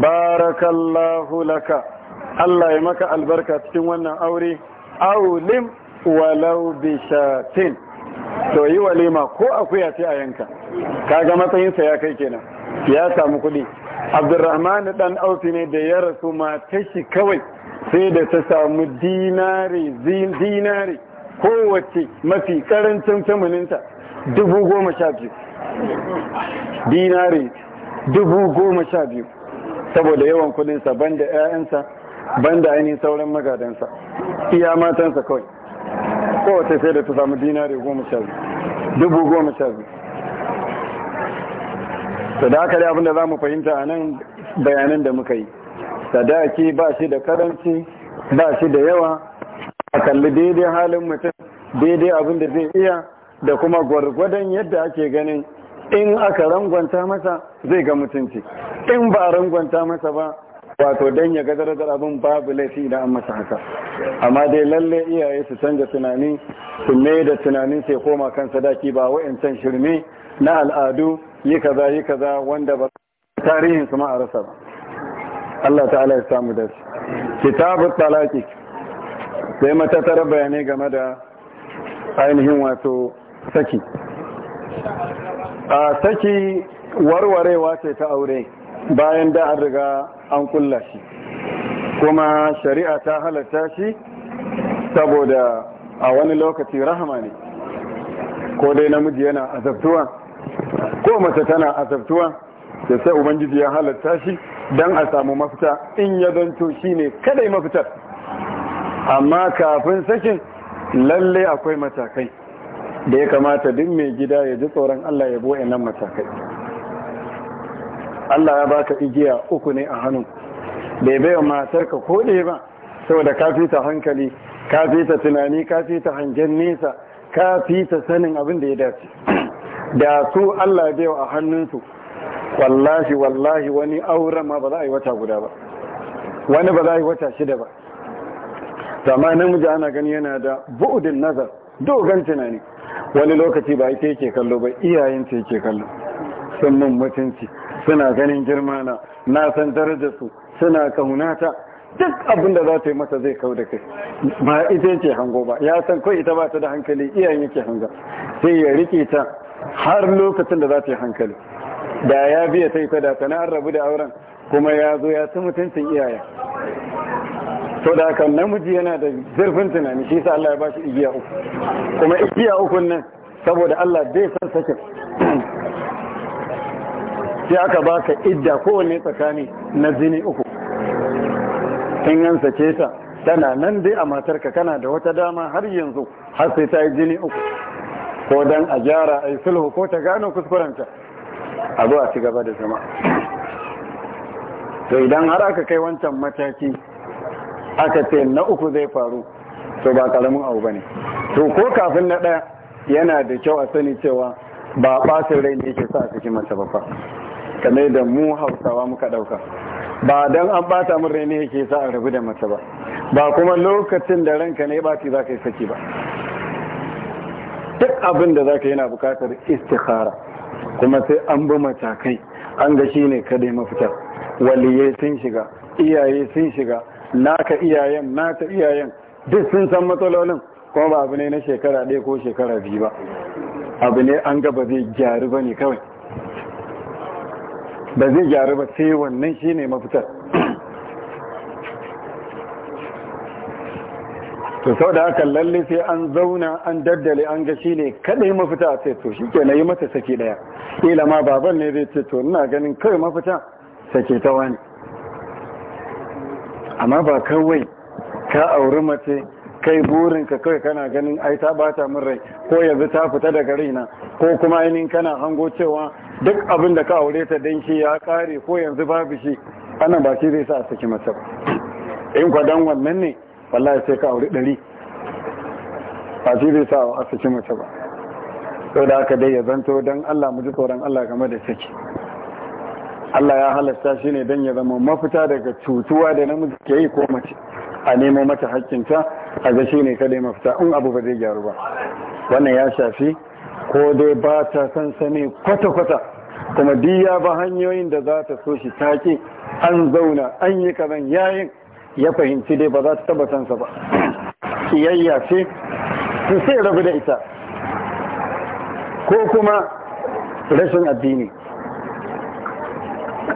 barakallahu laka Allah ya maka albarka cikin wannan aure aulim walau bishatin to yi walima ko akuya ce a yanka kaga matsayinsa ya kai kenan ya samu kuɗi abdurrahman dan aufi ne da ya rasu matar shi kawai sai da ta samu dinari dinari kowace mafi karancin tamaninta dubu goma sha biyu dinari dubu goma sha biyu saboda yawan kudinsa banda 'ya'yansa banda ainihin sauran magadansa iya matansa kawai kowace sai da ta samu dinari goma sha dubu goma sha da aka abinda za mu fahimta a nan bayanan da muka yi sadaki ba shi da karanci ba shi da yawa a kalli daidai halin mutum daidai abin da zai iya da kuma gwargwadon yadda ake ganin in aka rangwanta masa zai ga mutunci in ba a rangwanta masa ba wato don ya ga darajar abin babu laifi idan an masa haka amma dai lalle iyaye su canza tunani su mai da tunanin sai koma kan sadaki ba can shirme na al'adu yi kaza yi kaza wanda ba tarihin su ma a rasa ba Allah ta'ala ya samu da su kitabu talaki sai tara bayanai game da ainihin wato saki a saki warwarewa ce ta aure bayan da an riga an kulla shi kuma shari'a ta halatta shi saboda a wani lokaci rahama ne ko dai namiji yana azabtuwa ko mace tana azabtuwa da sai ubangiji ya halatta shi don a samu mafita in ya zanto shi ne kadai mafitar amma kafin sakin lalle akwai matakai da ya kamata duk mai gida ya ji tsoron allah ya bo'e nan matakai Allah ya baka igiya uku ne a hannu bai baiwa matarka ko ɗaya ba saboda ka fita hankali ka fita tunani ka fita hangen nesa ka fita sanin abin da ya dace da su Allah bai a hannunsu wallahi wallahi wani auren ma ba za a yi wata guda ba wani ba za a yi wata shida ba zama namiji ana gani yana da bu'udin nazar dogon tunani wani lokaci ba ita yake kallo ba iyayen ta yake kallo sun mun mutunci suna ganin girma na na san su, suna kaunata duk abin da za ta yi mata zai kau da kai ba ita yake hango ba ya san kai ita ba ta da hankali iyayen yake hanga sai ya rike ta har lokacin da za ta yi hankali da ya biya ta ita da kana rabu da auren kuma ya zo ya ci mutuncin iyaye to da haka namiji yana da zurfin tunani shi sa Allah ya bashi igiya uku kuma igiya uku nan saboda Allah bai san sakin sai aka ba ka idda kowane tsakani na zini uku in yan sake ta tana nan dai a matarka kana da wata dama har yanzu har sai ta yi jini uku ko don a gyara a yi sulhu ko ta gano kuskurenta a zo a ci gaba da zama to idan har aka kai wancan mataki aka ce na uku zai faru to ba karamin abu ba ne to ko kafin na ɗaya yana da kyau a sani cewa ba ɓacin rai ne ke sa a cikin mace ba kamar da mu hausawa muka ɗauka ba don an bata min rai ne yake sa a rabu da mace ba ba kuma lokacin da ranka ne baci za ka yi saki ba duk abin da za ka yana bukatar istikhara kuma sai an bi matakai an ga shi ne kadai mafita waliyai sun shiga iyaye sun shiga naka iyayen nata iyayen duk sun san matsalolin kuma ba abu ne na shekara ɗaya ko shekara biyu ba abu ne an gaba zai gyaru ba ne kawai ba zai gyaru ba sai wannan shi ne mafitar to sau da haka lalle sai an zauna an daddale an ga shi ne kaɗai mafita a sai to shi ke na yi mata sake ɗaya ila ma baban ne zai ce to ina ganin kawai mafita sake ta wani amma ba kawai ka auri mace kai burinka kai kana ganin ai ta bata min rai ko yanzu ta fita daga raina ko kuma ainihin kana hango cewa duk abin da ka aure ta dan shi ya kare ko yanzu babu shi ana ba shi zai sa a saki masa in dan wannan ne wallahi sai ka aure ɗari ba shi zai sa a saki masa ba to da aka dai ya zanto don Allah mu ji tsoron Allah game da saki Allah ya halasta shi ne don ya zama mafita daga cutuwa da namiji ke yi ko mace a nemo mata hakkinta a ga shi ne kadai mafita in abu ba zai gyaru ba wannan ya shafi ko dai ba ta san sani kwata-kwata kuma diya ba hanyoyin da za ta so shi take an zauna an yi kaman yayin ya fahimci dai ba za ta taba sansa ba kiyayya ce sai rabu da ita ko kuma rashin addini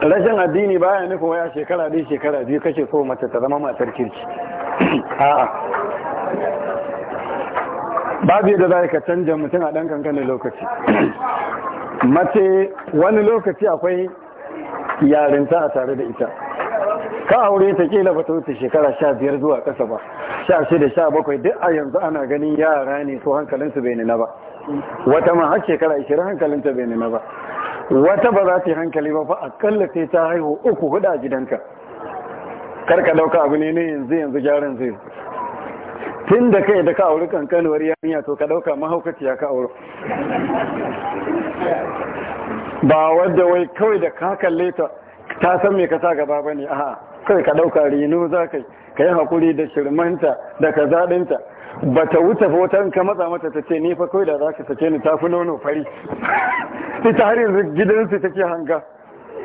rashin addini baya nufin waya shekara dai shekara biyu kashe so mace ta zama matar kirki a'a babu yadda za ka canja mutum a ɗan kankanin lokaci mace wani lokaci akwai yarinta a tare da ita ka aure ta kila ba ta wuce shekara sha biyar zuwa ƙasa ba sha shida sha bakwai duk a yanzu ana ganin yara ne so hankalinsu bai nuna ba wata ma har shekara ishirin hankalinta bai nuna ba wata ba za ta yi hankali ba fa akalla sai ta haihu uku hudu a gidanka karka dauka abu ne ne yanzu yanzu gyaran zai tun da kai da ka auri kankanuwar yamiya to ka dauka mahaukaciya ka auri ba wadda wai kawai da ka kalle ta ta san mai ka sa gaba ba ne? a kai ka dauka rino za ka yi hakuri da shirmanta da zaɗinta. ba ta wuce ba wata ka matsa mata ta ce ni fa kawai da za ka sake ni ta fi nono fari ita har yanzu gidansu ta ke hanga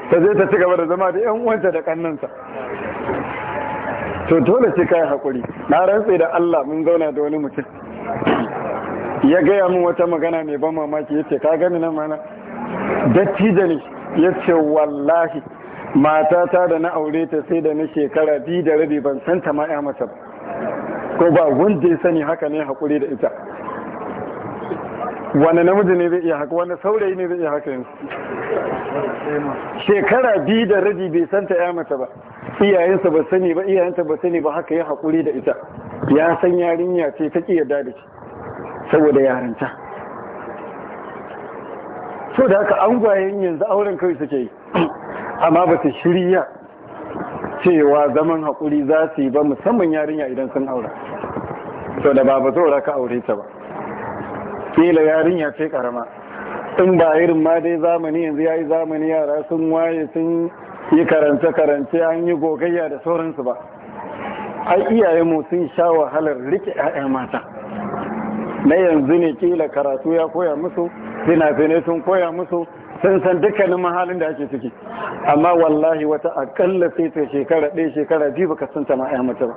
ta zai ta ci gaba da zama da yan uwanta da kannansa to dole ce kai hakuri na rantse da Allah mun zauna da wani mutum ya gaya min wata magana mai ban mamaki ya ce ka gani nan mana dattijo ne ce wallahi matata da na aure ta sai da na shekara biyu da rabi ban san ta ma mata ba ko ba wanda ya sani haka ne haƙuri da ita wanda namiji ne zai iya haka wanda saurayi ne zai iya haka yanzu shekara biyu da rabi bai santa ya mata ba iyayensa ba sani ba iyayenta ba sani ba haka ya haƙuri da ita ya san yarinya ce ta ƙi yarda da shi saboda yarinta so da haka an gwayen yanzu auren kawai suke yi amma ba su shirya cewa zaman haƙuri za su yi ba musamman yarinya idan sun aura to da ba ba zo ka aure ta ba kila yarinya ce karama in ba irin ma dai zamani yanzu ya yi zamani yara sun waye sun yi karance-karance an yi gogayya da sauransu ba ai mu sun sha wahalar rike ƴaƴan mata na yanzu ne ƙila karatu ya koya musu Sina finai sun koya musu sun san dukkanin mahalin da ake ciki amma wallahi wata akalla sai ta shekara ɗaya shekara biyu baka sun ta ma'aya mace ba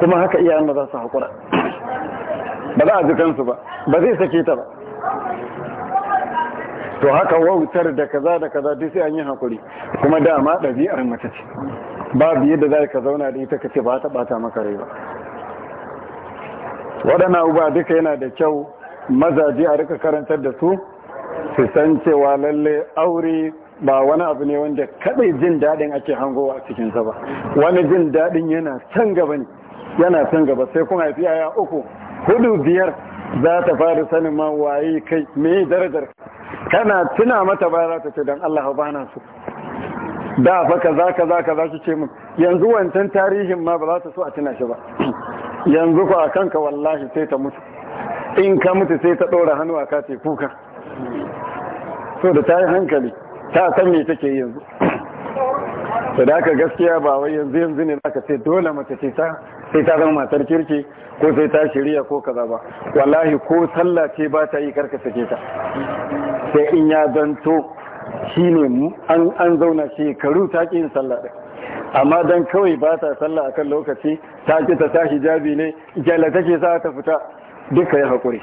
kuma haka iyayen ba za su haƙura ba za a ji kansu ba ba zai sake ta ba to haka wautar da kaza da kaza duk sai an yi haƙuri kuma dama ɗabi'ar mace ce babu yadda za ka zauna da ita ka ce ba ta ɓata maka rai ba waɗannan uba duka yana da kyau mazaje a rika karantar da su su san cewa lalle aure ba wani abu ne wanda kadai jin daɗin ake hangowa a cikinsa ba wani jin daɗin yana can gaba ne yana can gaba sai kuma haifi yaya uku hudu biyar za ta fara sanin ma waye kai me darajar kana tuna mata ba za ta ce don Allah ba na so da fa kaza kaza kaza ki ce min yanzu wancan tarihin ma ba za ta so a tuna shi ba yanzu ko akan ka wallahi sai ta mutu in ka mutu sai ta ɗora hannu a ka kuka so da ta yi hankali ta san me take yanzu da aka gaskiya ba wai yanzu yanzu ne aka ce dole mace ce ta sai ta zama matar kirki ko sai ta shirya ko kaza ba wallahi ko sallah ce ba ta yi karka sake ta sai in ya zanto ne an an zauna shekaru ta yin sallah ɗin amma dan kawai ba ta sallah akan lokaci ta ƙi ta tashi jabi ne jalla take sa ta fita duka ya haƙuri.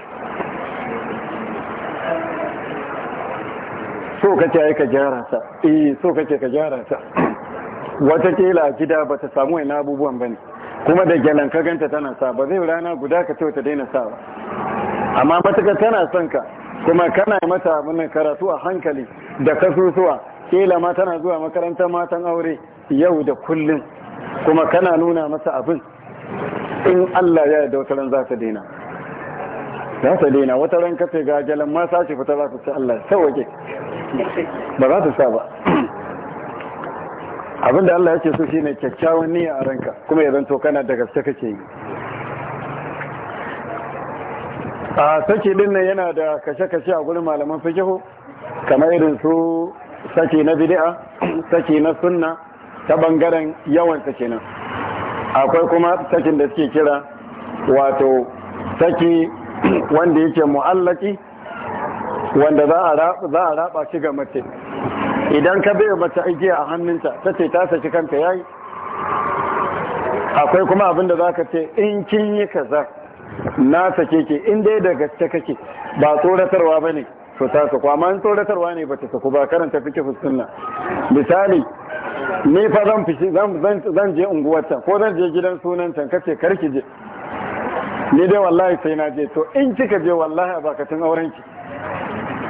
so kace ai ka gyara ta eh so kace ka gyara ta wata kila gida ba ta samu ina abubuwan bane kuma da gyalan ka ganta tana sa ba zai rana guda ka ce ta daina sa ba amma matuka tana son ka kuma kana mata abin karatu a hankali da kasusuwa kila ma tana zuwa makarantar matan aure yau da kullum kuma kana nuna masa abin in Allah ya yarda ran za ta daina za ta daina ran kace ga jalan ma sace fita za ta ce Allah sauke ba za ta sa ba abinda Allah ya ce so shine kyakkyawan niyya a ranka kuma ya zanto kana da gaske kake yi a saki din nan yana da kashe-kashe a gurin malaman fikihu kamar irin su saki na bidi'a, saki na sunna ta bangaren yawan sake nan akwai kuma sakin da suke kira wato saki wanda yake mu'allaki wanda za a raba shi ga mace idan ka bai mace igiya a hannunta ta ce ta saki kanta yayi akwai kuma abin da za ka ce in kin yi kaza na sake ke in ya daga gaske kake ba tsoratarwa ba ne su ta su amma tsoratarwa ne ba ta saku ba karanta fi kifin sunna misali ni fa zan je unguwarta ko zan je gidan sunanta kace karki je ni dai wallahi sai na je to in kika je wallahi a bakatun aurenki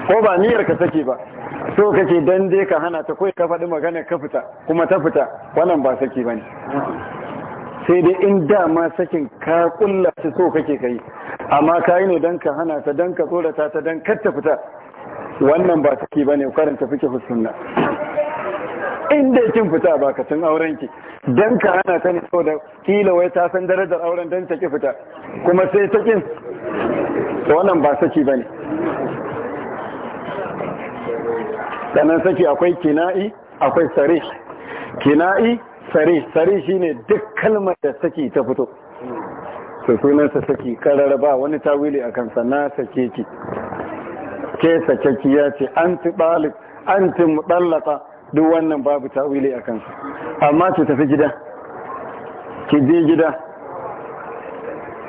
ko ba niyyar ka take ba so kake dan dai ka hana ta kai ka faɗi magana ka fita kuma ta fita wannan ba saki bane sai dai in dama sakin ka kulla ta so kake kai amma kai ne dan ka hana ta dan ka tsorata ta dan kar ta fita wannan ba saki bane karanta fike sunna inda kin fita ba ka tun auren ki dan ka hana ta ne da kila wai ta san darajar auren dan ta ki fita kuma sai ta kin wannan ba saki bane sannan saki akwai kina'i akwai sarih kina'i sarih sarih shine duk kalmar da saki ta fito to sunansa saki karar ba wani tawili akan sana sake ki ke ki ya ce anti balib anti mudallaka duk wannan babu tawili akan amma ki tafi gida ki je gida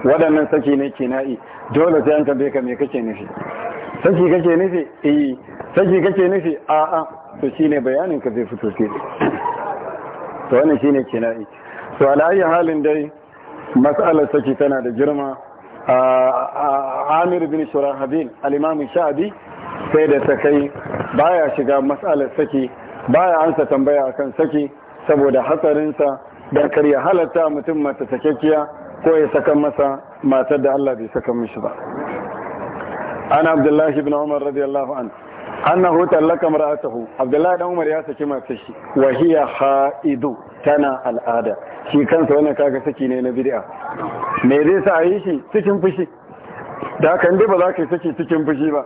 waɗannan saki ne kina'i dole sai an tambaye ka me kake nufi saki kake nufi eh saki kake nufi a a to shine bayanin ka zai fito ke to wannan shine kinai to alayi halin dai mas'alar saki tana da girma a Amir bin Shurahabil al-Imam Sha'bi sai da ta kai baya shiga mas'alar saki baya ansa tambaya akan saki saboda hatsarinsa da kar ya halatta mutum mata sakekiya ko ya saka masa matar da Allah bai saka mishi ba an abdullahi ibn umar radiyallahu an annahu tallaka mar'atahu abdullahi dan umar ya saki matar shi wa hiya haidu tana al'ada shi kansa wannan kaga saki ne na bid'a me zai sa a yi shi cikin fushi da haka ba za ka yi saki cikin fushi ba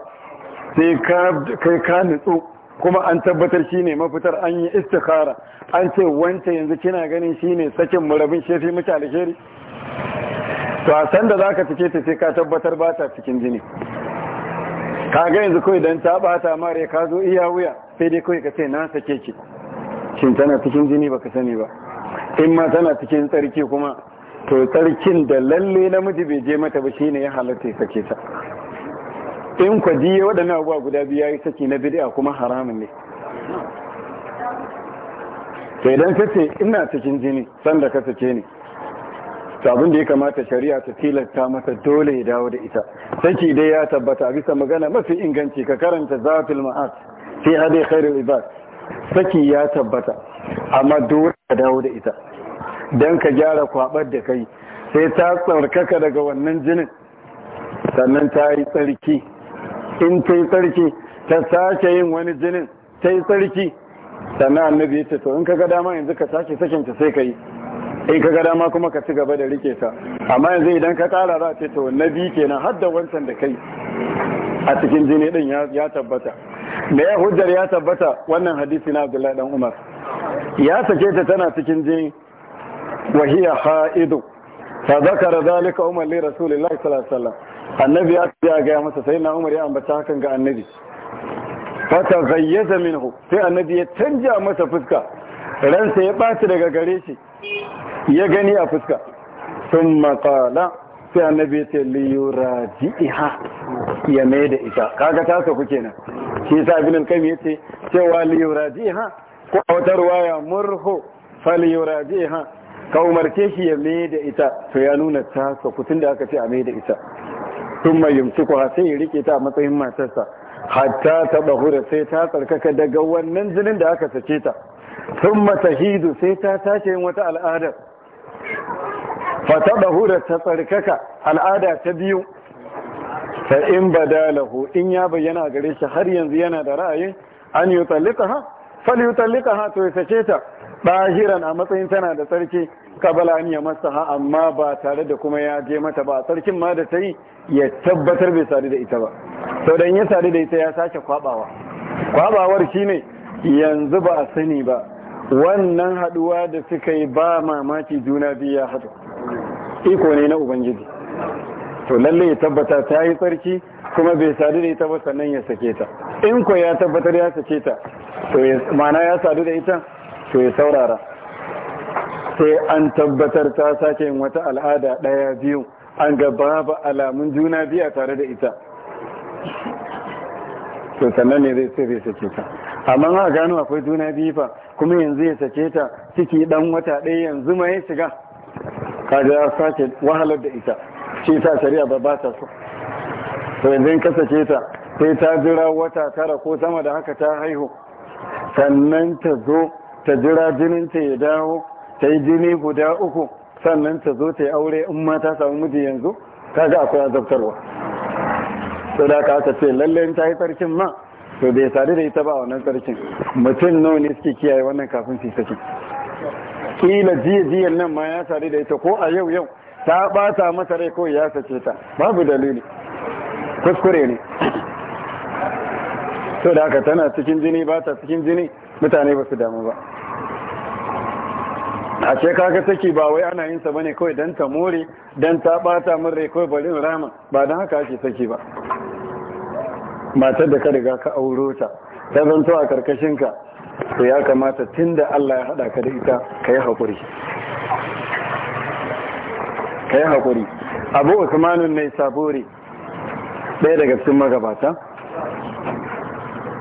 sai kai ka nutsu kuma an tabbatar shine mafitar an yi istikhara an ce wancan yanzu kina ganin shine sakin murabin shefi muke alheri to a san da za ka fice ta sai ka tabbatar ba ta cikin jini Ka ga yanzu kawai don ta bata mare ka zo iya wuya sai dai kawai ka ce na sake ki shin tana cikin jini baka sani ba in ma tana cikin tsarki kuma to tsarkin da lalle namiji bai je mata ba shi ne ya halatta ya sake ta in kwaji ya waɗannan abubuwa guda biyu ya yi saki na bidiya kuma haramun ne sai don kace ina cikin jini sanda ka sake ni abin da ya kamata shari'a ta tilasta masa dole ya dawo da ita saki dai ya tabbata bisa magana mafi inganci ka karanta zafil ma'at fi hadi khairul ibad saki ya tabbata amma dole ya dawo da ita dan ka gyara kwabar da kai sai ta tsarkaka daga wannan jinin sannan ta yi tsarki in ta yi tsarki ta sake yin wani jinin ta yi tsarki sannan annabi ya ce to in ka ga dama yanzu ka sake sakinta sai ka yi in ka ga dama kuma ka ci gaba da rike ta amma yanzu idan ka kara za ce to na biyu kenan har da wancan da kai a cikin jini din ya tabbata da ya hujjar ya tabbata wannan hadisi na abdullahi dan umar ya sake ta tana cikin jini wahiya ha'idu fa zakara zalika umar li rasulillahi sallallahu alaihi wasallam annabi ya ce ga masa sai na umar ya ambata hakan ga annabi fa taghayyaza minhu sai annabi ya canja masa fuska ransa ya ɓaci daga gare shi ya gani a fuska sun matsala sai annabi ce liyura ji'iha ya mai da ita kaga ta sauku nan. shi sa abin al ya yace cewa liyura ji'iha ko a wata ruwaya murhu faliyura ji'iha ka umarce shi ya mai da ita to ya nuna ta sauku da aka ce a mai da ita sun mai yumsuku ha sai ya rike ta a matsayin matarsa hatta ta bahura sai ta tsarkaka daga wannan jinin da aka sace ta sun mata hidu sai ta tashi yin wata al'adar fata huda ta tsarkaka al'ada ta biyu ta in badalahu in ya bayyana gare shi har yanzu yana da ra'ayi an yi tsallika ha fali tsallika ha to ya sace ta ɗahiran a matsayin tana da tsarki kabala ya masa ha amma ba tare da kuma ya je mata ba tsarkin ma da ta yi ya tabbatar bai sadu da ita ba sau da in ya sadu da ita ya sake kwabawa kwabawar shine yanzu ba a sani ba wannan haduwa da suka yi ba mamaki juna biyu ya haɗu iko ne na ubangiji to lalle ya tabbata ta yi tsarki kuma bai sadu da ita ba sannan ya sake ta in ko ya tabbatar ya sake ta to mana ya sadu da ita to ya saurara sai an tabbatar ta sake yin wata al'ada ɗaya biyu an ga babu alamun juna biya tare da ita to sannan ne zai sai zai sake ta amma ha gano akwai juna biyu kuma yanzu ya sake ta ciki dan wata ɗaya yanzu ma ya shiga kaga ya sake wahalar da ita shi ta shari'a ba ba ta so to yanzu ka sake ta sai ta jira wata tara ko sama da haka ta haihu sannan ta zo ta jira jinin ta ya dawo ta yi jini guda uku sannan ta zo ta yi aure in ma ta samu miji yanzu kaga akwai azabtarwa to da aka ce lallai ta yi farkin ma to bai sadu da ita ba wannan sarkin mutum nawa ne suke kiyaye wannan kafin su saki kila jiya jiyan nan ma ya sadu da ita ko a yau yau ta bata masa rai ko ya sace ta babu dalili kuskure ne to da aka tana cikin jini ba ta cikin jini mutane ba su damu ba a ce kaga saki ba wai ana yin sa bane kawai dan ta more dan ta bata min rai kawai bari rama ba dan haka ake saki ba matar da ka riga ka auro ta ta zanto a karkashin ka, to ya kamata tun da Allah ya haɗa ka da ita ka yi haƙuri ka yi haƙuri abu usmanin mai sabori ɗaya daga cikin magabata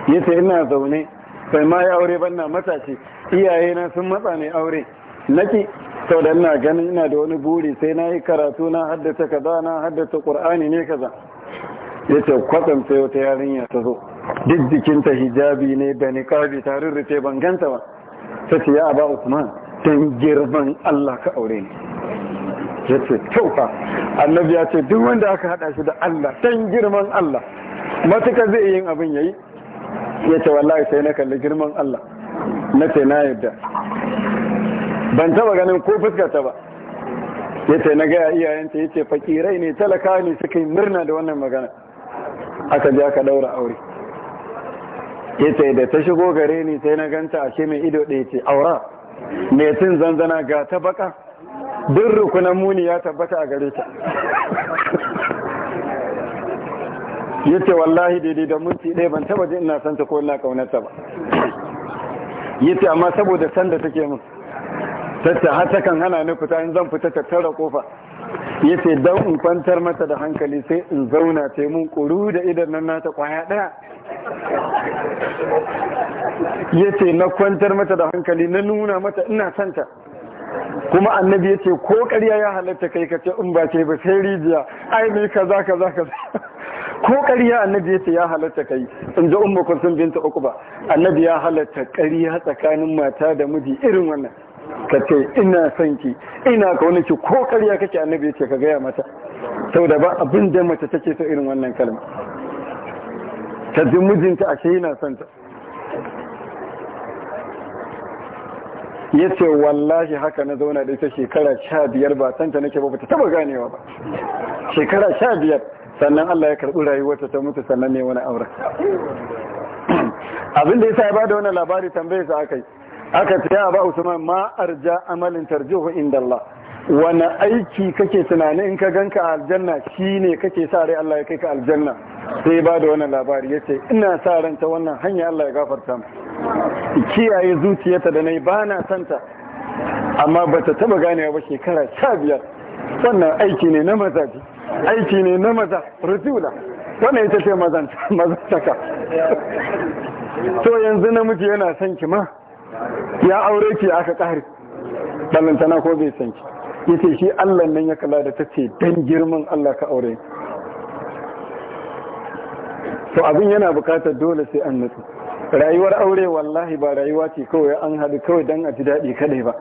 yace ina zaune sai ma ya aure banna matashi iyaye na sun matsa ne aure naki sau da ina ganin ina da wani buri sai na yi karatu na haddata kaza na haddata ƙur'ani ne kaza ya ce kwatsam sai wata yarinya ta zo duk jikinta hijabi ne da niqabi ta rurrufe ban ganta ba ta ce ya aba usman dan girman Allah ka aure ne. ya ce taufa annabi ya ce duk wanda aka hada shi da Allah dan girman Allah matuka zai yi abin yayi ya ce wallahi sai na kalli girman Allah na ce na yadda ban taba ganin ko fuskata ba ya ce na gaya iyayenta ya ce fakirai ne talaka ne suka yi murna da wannan magana aka ja ka daura aure yace da ta shigo gare ni sai na ganta a ashe mai ido ɗaya ce aura mai cin zanzana ga ta baka duk rukunan muni ya tabbata a gare ta yace wallahi daidai da minti ɗaya ban taba jin ina santa ko ina ta ba yace amma saboda sanda take musu. tatta har takan hana ni fita in zan fita ta tara kofa yace dan in kwantar mata da hankali sai in zauna sai mun kuru da idan nan nata kwaya daya yace na kwantar mata da hankali na nuna mata ina santa kuma annabi ya ce ko ƙarya ya halatta kai ka ce in ba ce ba sai rijiya ai mai kaza kaza kaza ko ƙarya annabi ya ce ya halatta kai in ji umma kusan binta uku ba annabi ya halatta ƙarya tsakanin mata da miji irin wannan ka ce ina son ki ina ka wani ki ko karya kake annabi ce ka gaya mata da ba abin da mace take so irin wannan kalma ta ji mijinta ashe na son ta ya ce wallahi haka na zauna da ita shekara sha biyar ba santa nake ba ta taba ganewa ba shekara sha biyar sannan Allah ya karɓi rayuwarta ta mutu sannan ne wani aure abinda ya sa ya ba da wani labari tambayi su aka yi aka ce ya ba Usman ma arja amalin tarjihu inda Allah wani aiki kake tunanin in ka ganka aljanna shine kake sa rai Allah ya kai ka aljanna sai ba da wannan labari ya ce, ina sa ran ta wannan hanya Allah ya gafarta mu kiyaye zuciyarta da nayi ba na santa amma bata taba ganewa ba shekara biyar, sannan aiki ne na maza aiki ne na maza rujula wannan ita ce mazantaka to yanzu namiji yana son ki ma ya aure ce aka ƙari ballantana ko bai san ki yace shi Allah nan ya kala da tace dan girman Allah ka aure to abin yana bukatar dole sai an nutsu rayuwar aure wallahi ba rayuwa ce kawai an haɗu kawai dan a ji daɗi kadai ba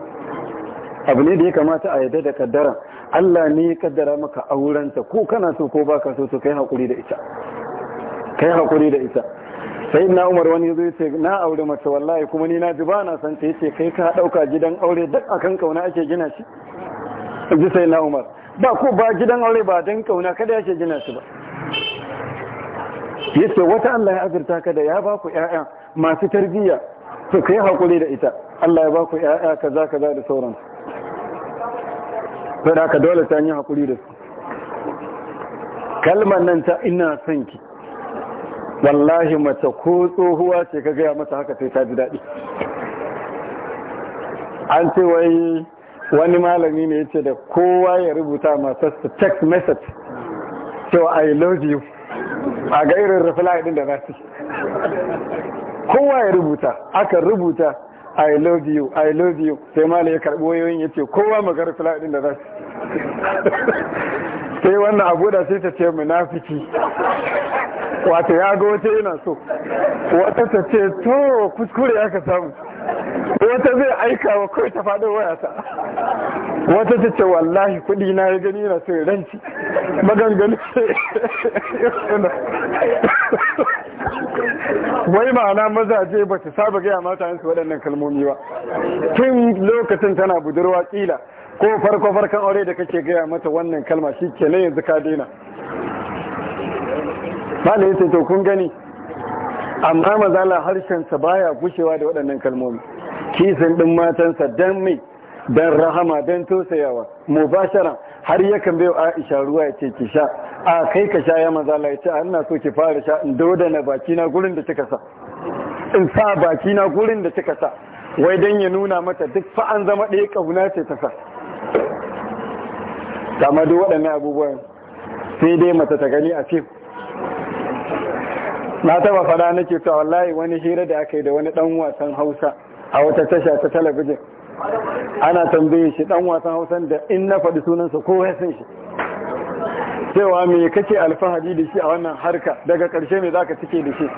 abu ne da ya kamata a yadda da kaddara Allah ne ya kaddara maka aurenta ko kana so ko baka so to kai hakuri hakuri da ita sai na umar wani zai ce na aure mace wallahi kuma ni na ji ba na san ta yace kai ka dauka gidan aure duk akan kauna ake gina shi ji sai na umar ba ko ba gidan aure ba dan kauna kada yake gina shi ba yace wata Allah ya azurta ka da ya ba ku ƴaƴa masu tarbiyya to kai hakuri da ita Allah ya ba ku ƴaƴa kaza kaza da sauran to da ka dole ta yi hakuri da su kalmar nan ta ina son ki wallahi mace ko tsohuwa ce ka gaya mata haka sai ta ji daɗi an ce wai wani malami ne yace da kowa ya rubuta matarsa text message cewa i love you a ga irin reply din da nasi kowa ya rubuta aka rubuta i love you i love you sai malami ya karɓi wayoyin yace kowa maga reply din da za su sai wannan abu da sai ta ce munafiki Wata ya ga wata yana so wata ta ce to kuskure aka samu wata zai aika wa kawai ta waya wayata wata ta ce wallahi kuɗi na ya gani yana so ranci maganganu wai ma'ana mazaje ba ta saba gaya mata yansu waɗannan kalmomi ba tun lokacin tana budurwa ƙila ko farko farkon aure da kake gaya mata wannan kalma shi ke yanzu ka daina malamin ce to kun gani amma mazala harshensa baya gushewa da waɗannan kalmomi kisan ɗin matansa don mai don rahama don tosayawa. mubashara har yakan bai aisha ruwa ya ce ki sha a kai ka sha ya mazala ya ce ana so ki fara sha in dauda na baki na gurin da kika sa in sa baki na gurin da kika sa wai don ya nuna mata duk fa an zama ɗaya ƙauna ce ta sa kamar duk waɗannan abubuwan sai dai mata ta gani a cikin na taba fada nake to wallahi wani hira da aka yi da wani dan wasan Hausa a wata tasha ta talabijin ana tambaye shi dan wasan Hausan da in na faɗi sunansa ko ya san shi cewa me kake alfahari da shi a wannan harka daga ƙarshe me zaka cike da shi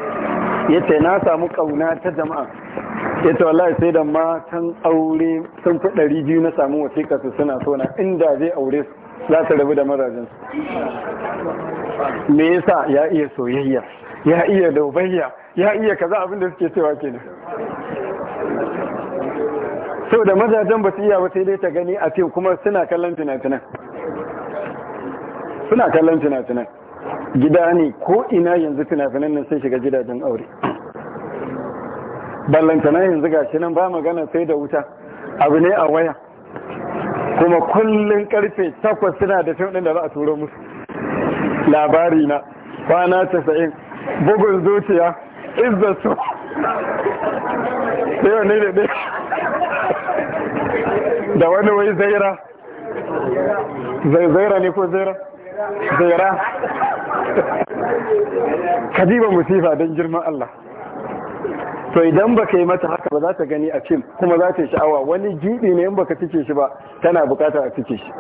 yace na samu kauna ta jama'a yace wallahi sai da matan aure sun fi ɗari biyu na samu wasiƙa su suna so na inda zai aure su za su rabu da mazajen su me yasa ya iya soyayya ya iya daubayya ya iya kaza abin da suke cewa kenan sau da mazajen ba su iya ba sai dai ta gani a ce kuma suna kallon tunatunan suna kallon tunatunan gida ne ko ina yanzu tunatunan nan sun shiga gidajen aure ballantana yanzu ga shi nan ba magana sai da wuta abu ne a waya kuma kullum karfe takwas suna da fim ɗin da za a turo musu labari na kwana bugun zuciya izzatu sai wani da ɗaya da wani wai zaira zaira ne ko zaira zaira kadiba musifa don girman Allah to idan baka yi mata haka ba za ta gani a fim kuma za ta yi sha'awa wani jiɗi ne in baka cike shi ba tana bukatar a cike shi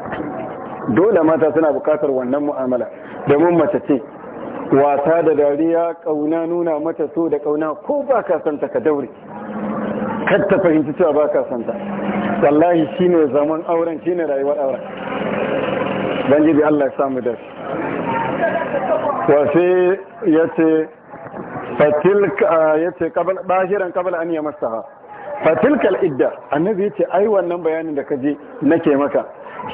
dole mata suna bukatar wannan mu'amala domin mace ce Wata da dariya kauna nuna mata so da kauna ko ba ka santa ka daure kar ta fahimci cewa ba ka santa wallahi shine zaman auren shine rayuwar auren dan jibi Allah ya samu da wasu ya ce fatilka ya ce bashiran kabal an yi masa fatilkal idda annabi ya ce ai wannan bayanin da ka je nake maka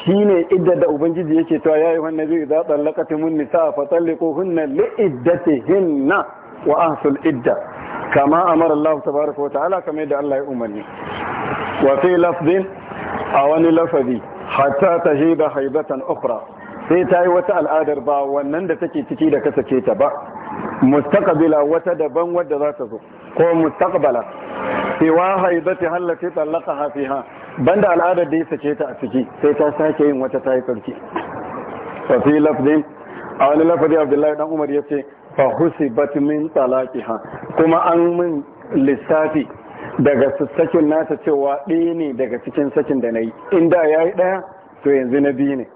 Shi ne idda da ubangiji yake to ya yi wannan zai za tsallakatumun nisa fa tsallikuhunna li iddatihinna wa ahsul idda kama amara Allah tabaraka wa ta'ala kamar yadda Allah ya umarni wa fi lafdin a wani lafazi hatta tahida haibatan ukhra sai ta yi wata al'adar ba wannan da take ciki da kasake ta ba mustaqbila wata daban wadda za ta zo ko mustaqbala siwa haibati hallati talaqaha fiha banda al'adar da yake ta a ciki sai ta sake yin wata tayi sarki fa fi lafdin a wani abdullahi dan umar yace fa husibat min talaqiha kuma an min lissafi daga sakin nata cewa ɗaya ne daga cikin sakin da na nayi inda yayi ɗaya to yanzu na biyu ne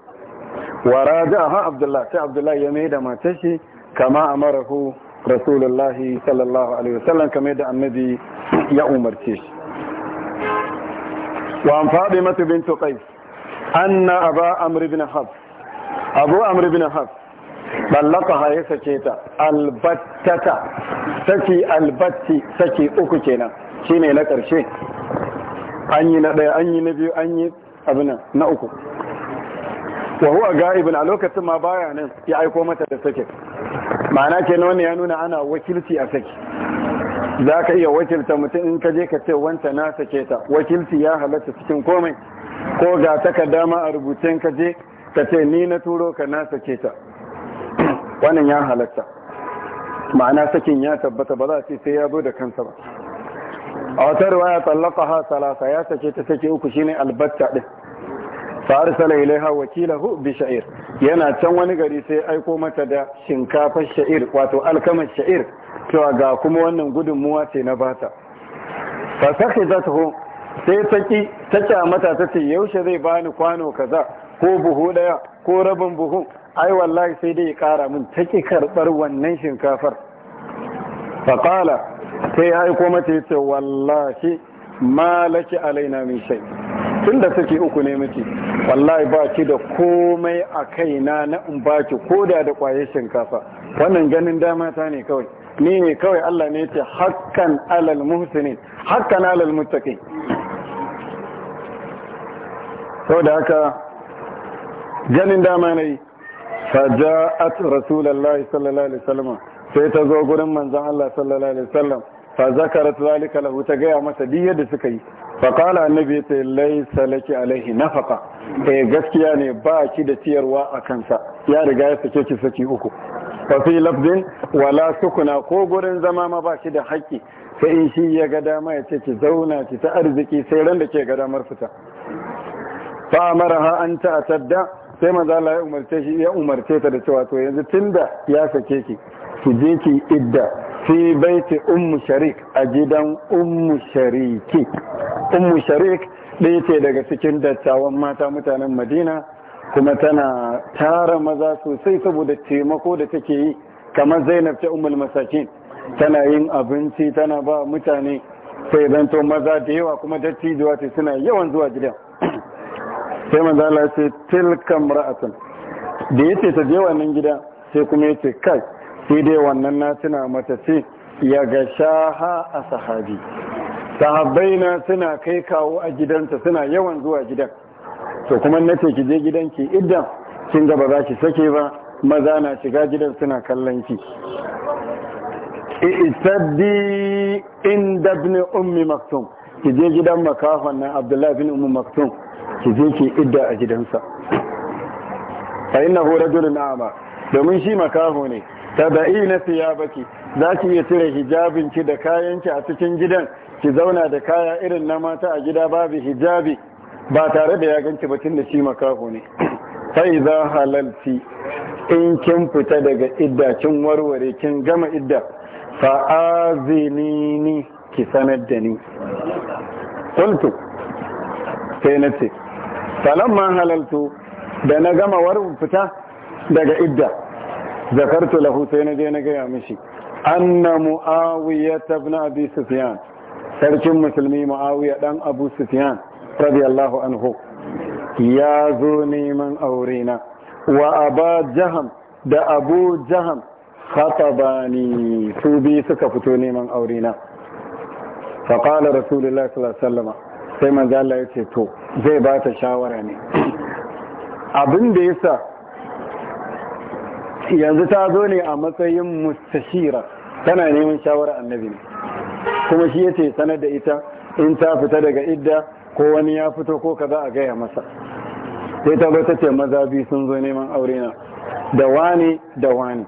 wa ha abdullahi sai abdullahi ya maida da kama amarahu rasulullahi sallallahu alaihi wasallam da annabi ya umarce shi wa an faɗi mata bin tuƙai an na amri bin haf abu amri bin haf ballaka ha ya sake ta albattata saki albatti saki uku kenan shine na ƙarshe an na ɗaya an na biyu anyi na uku wa huwa ga'ibun a lokacin ma baya nan ya aiko mata da sakin ma'ana na wani ya nuna ana wakilci a saki za ka iya wakilta mutum in ka je ka ce wanta na sake ta wakilci ya halatta cikin komai ko ga ka dama a rubuce ka je ka ce ni na turo ka na sake ta wannan ya halatta ma'ana sakin ya tabbata ba za a ce sai ya zo da kansa ba a wata ruwaya tsallaka ha salasa ya sake ta sake uku shine albatta din fa arsala ilaiha wakilahu bi sha'ir yana can wani gari sai aiko mata da shinkafar sha'ir wato alkamar sha'ir cewa ga kuma wannan gudunmawa ce na bata fa sakhizathu sai ta ki ta ce mata ta ce yaushe zai bani kwano kaza ko buhu daya ko rabin buhu ai wallahi sai dai ya kara min ta ki karbar wannan shinkafar fa qala sai ya aiko mata ya ce wallahi ma laki alaina min shay' tun da suke uku ne miki wallahi ba ki da komai a kaina na in ba ki koda da kwaye shinkafa wannan ganin dama ta ne kawai ni ne kawai Allah ne ce hakkan alal muhsinin hakkan alal muttaqin saboda haka ganin dama ne faja'at rasulullahi sallallahu alaihi wasallam sai ta zo gurin manzon Allah sallallahu alaihi wasallam fa zakarat zalika lahu ta gaya masa duk da suka yi fa qala annabi ta laysa laki alaihi nafaqa eh gaskiya ne ba ki da ciyarwa a kansa ya riga ya sake ki saki uku fa fi lafdin wala sukuna ko gurin zama ma ba ki da haƙƙi sai in shi ya ga dama ya ce ki zauna ki ta arziki sai ran da ke ga damar fita fa amaraha an ta'tadda sai manzo Allah ya umarce shi ya umarce ta da cewa to yanzu tunda ya sake ki ki je ki idda fi baiti ummu sharik a gidan ummu shariki ummu sharik ɗaya ce daga cikin dattawan mata mutanen madina kuma tana tara maza sosai saboda taimako da take yi kamar zainab ta ummul masakin tana yin abinci tana ba mutane sai zanto maza da yawa kuma dattijuwa ce suna yawan zuwa gidan sai maza la ce tilka mar'atun da yace ta je wannan gida sai kuma yace kai shi dai wannan na suna mata ce ya ga shaha a sahabi Sahabai na suna kai kawo a gidansa suna yawan zuwa gidan to kuma na ce ki je gidanki idan kin gaba za ki sake ba maza na shiga gidan suna kallon ki isaddi inda bin ummi maktum ki je gidan makafan na abdullahi bin ummi maktum ki je ki idda a gidansa na innahu rajulun a'ma domin shi makaho ne tada'ina thiyabaki za ki iya cire hijabinki da kayanki a cikin gidan ki zauna da kaya irin na mata a gida babu hijabi ba tare da ya ganki ba tun da shi makaho ne sai za halalci in kin fita daga idda kin warware kin gama idda fa'azinini ki sanar da ni kuntu sai na ce salamman halaltu da na gama warware fita daga idda zakartu lahu sai na je na gaya mishi anna muawiya ibn abi sufyan sarkin musulmi muawiya dan abu sufyan radiyallahu anhu ya zo neman aure na wa aba da abu jaham khatabani su bi suka fito neman aure na fa qala rasulullahi sallallahu alaihi wasallam sai manzo Allah yace to zai ba ta shawara ne abin da yasa yanzu ta zo ne a matsayin mustashira tana neman shawara annabi ne kuma shi yace sanar da ita in ta fita daga idda ko wani ya fito ko kaza a gaya masa sai ta ta ce maza biyu sun zo neman aure na da wani da wani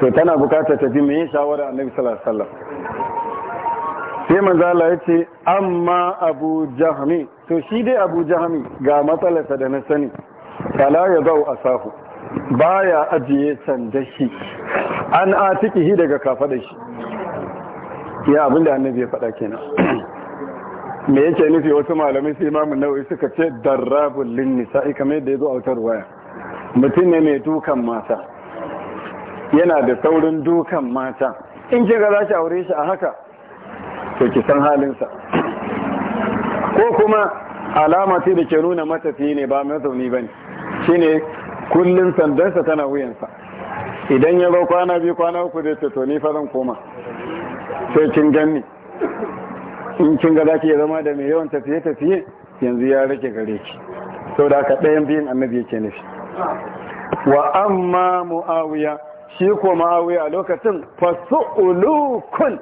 to tana bukatar ta fi mai shawarar annabi sallallahu alaihi wasallam sai manzo Allah yace amma Abu Jahmi to shi dai Abu Jahmi ga matsalarsa da na sani fala ya zau sahu. baya ajiye sanda shi an atikihi daga da shi ya abinda annabi ya faɗa kenan me yake nufi wasu malamai sai imamu nau'i suka ce darrabul lin nisa'i kamar yadda yazo a wutar waya mutum ne mai dukan mata yana da saurin dukan mata in kika za zaki aure shi a haka to ki san halinsa ko kuma alama ce da ke nuna matafi ne ba mazauni bane shine kullun sandansa tana wuyansa idan ya zo kwana biyu kwana uku da to ni farin koma sai kin ganni in kin ga zaki ya zama da mai yawan tafiye tafiye yanzu ya rike gare ki da haka ɗayan biyun annabi yake nufi wa amma muawiya shi ko muawiya lokacin fasulukun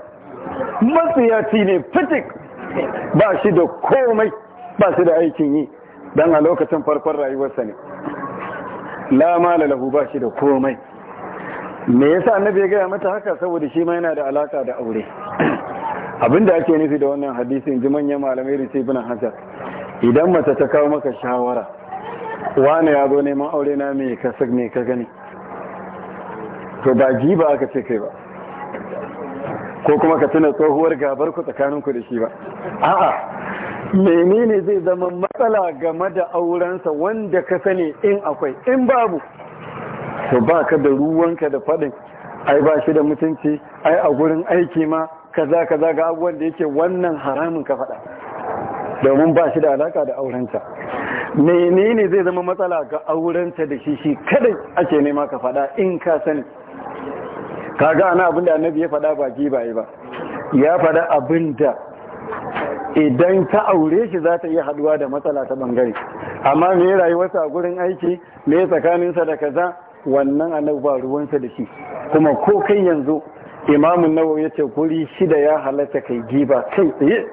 matsiyaci ne fitik ba shi da komai ba shi da aikin yi dan a lokacin farkon rayuwarsa ne la mala lahu ba shi da komai me yasa annabi ya gaya mata haka saboda shi ma yana da alaka da aure abinda ake nufi da wannan hadisin ji manyan malamai da sai ibn hajar idan mace ta kawo maka shawara wani ya zo neman aure na me ka me ka gani to ba ji ba aka ce kai ba ko kuma ka tuna tsohuwar gabar ku tsakanin ku da shi ba a'a menene zai zama matsala game da aurensa wanda ka sani in akwai in babu to ba ka da ruwanka da faɗin ai ba shi da mutunci ai a gurin aiki ma kaza kaza ga abubuwan da yake wannan haramun ka faɗa domin ba shi da alaka da aurenta menene zai zama matsala ga aurenta da shi shi kadai ake nema ka faɗa in ka sani kaga ana abin da annabi ya faɗa baki ba ba ya faɗa abin da idan ta aure shi za ta iya haduwa da matsala ta bangare amma me rayuwarsa a gurin aiki me tsakaninsa da kaza wannan annabi ba ruwansa da shi kuma ko kai yanzu imamu nawawi ya ce guri shida ya halatta kai giba kai tsaye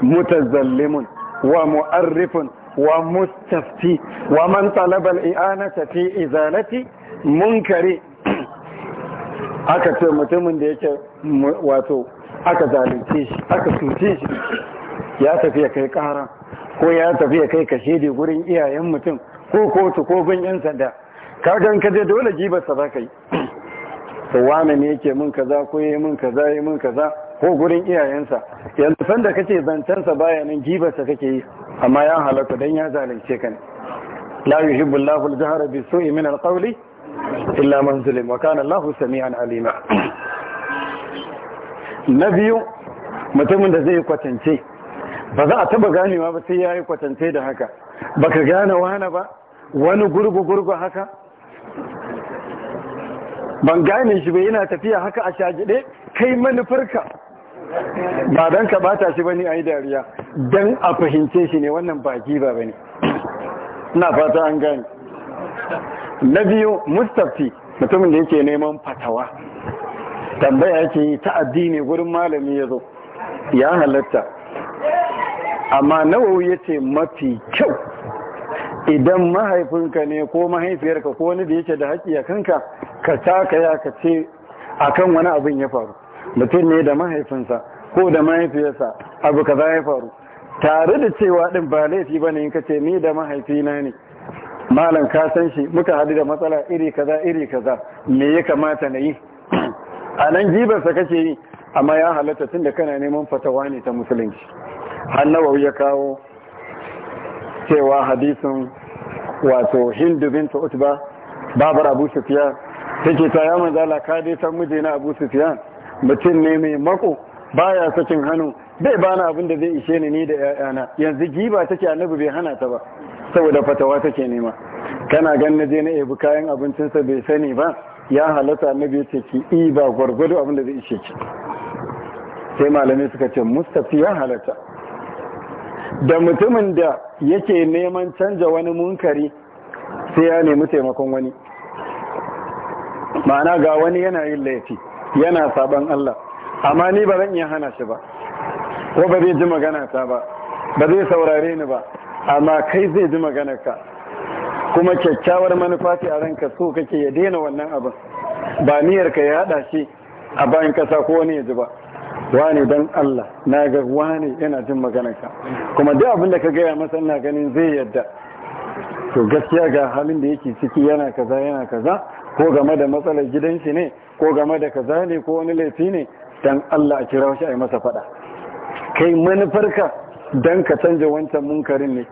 mutazallimun wa mu'arrifun wa mustafti wa man talabal al-i'anata fi izalati munkari aka ce mutumin da yake wato aka zalunce shi aka cuce shi ya tafi ya kai kara ko ya tafi ya kai kashe da gurin iyayen mutum ko kotu ko bin yan sanda ka gan ka je dole jibarsa za ka yi to wani ne yake mun kaza ko yi mun kaza yi mun kaza ko gurin iyayensa yanzu sanda kace sa baya nan jibarsa kake yi amma ya halaka dan ya zalunce ka ne la yuhibbu Allahu al-jahra bi su'i min al-qawli illa man zulim wa kana Allahu sami'an alima na biyu mutumin da zai kwatance ba za a taba ganewa ba sai yayi kwatance da haka baka gane wani ba wani gurgu gurgu haka ban gane shi ba yana tafiya haka a shagide kai manufarka ba dan ka bata shi bane yi dariya Dan a fahimce shi ne wannan baki ba bane ina fata an gane na biyu mustafti mutumin da yake neman fatawa tambaya yake yi ta addini gurin malami ya zo ya halatta amma nawa ya ce mafi kyau idan mahaifinka ne ko mahaifiyarka ko wani da yake da haƙi a kanka ka taka ya ka ce akan wani abin ya faru mutum ne da mahaifinsa ko da mahaifiyarsa abu kaza ya faru tare da cewa din ba laifi bane in ka ce ni da mahaifina ne malam ka san shi muka hadu da matsala iri kaza iri kaza me ya kamata na yi a nan jibarsa kake yi amma ya halatta tun da kana neman fatawa ne ta musulunci hannawa ya kawo cewa hadisin wato hindu binta utba babar abu sufiyan take ta ya manzala ka dai san mijina abu sufiyan mutum ne mai mako baya sakin hannu bai bana abin da zai ishe ni ni da 'ya'yana yanzu giba take annabi bai hana ta ba saboda fatawa take nema kana gan na je na ebu kayan abincin sa bai sani ba ya halatta annabi ce ki i ba gwargwado abin da zai ishe ki sai malamai suka ce mustafi ya halatta da mutumin da yake neman canja wani munkari sai ya nemi taimakon wani ma'ana ga wani yana yin laifi yana saban Allah amma ni ba zan iya hana shi ba ko ba zai ji magana ta ba ba zai saurare ni ba amma kai zai ji maganarka kuma kyakkyawar manufa ce a ranka so kake ya daina wannan abin ba ka ya haɗa shi a bayan kasa ko wani ya ji ba Wani don Allah na ga wani yana jin maganarka kuma duk abin da ka gaya masa ina ganin zai yadda to gaskiya ga halin da yake ciki yana kaza yana kaza ko game da matsalar gidan shi ne ko game da kaza ne ko wani laifi ne dan Allah a kira shi a yi masa fada kai manufarka dan ka canja wancan munkarin ne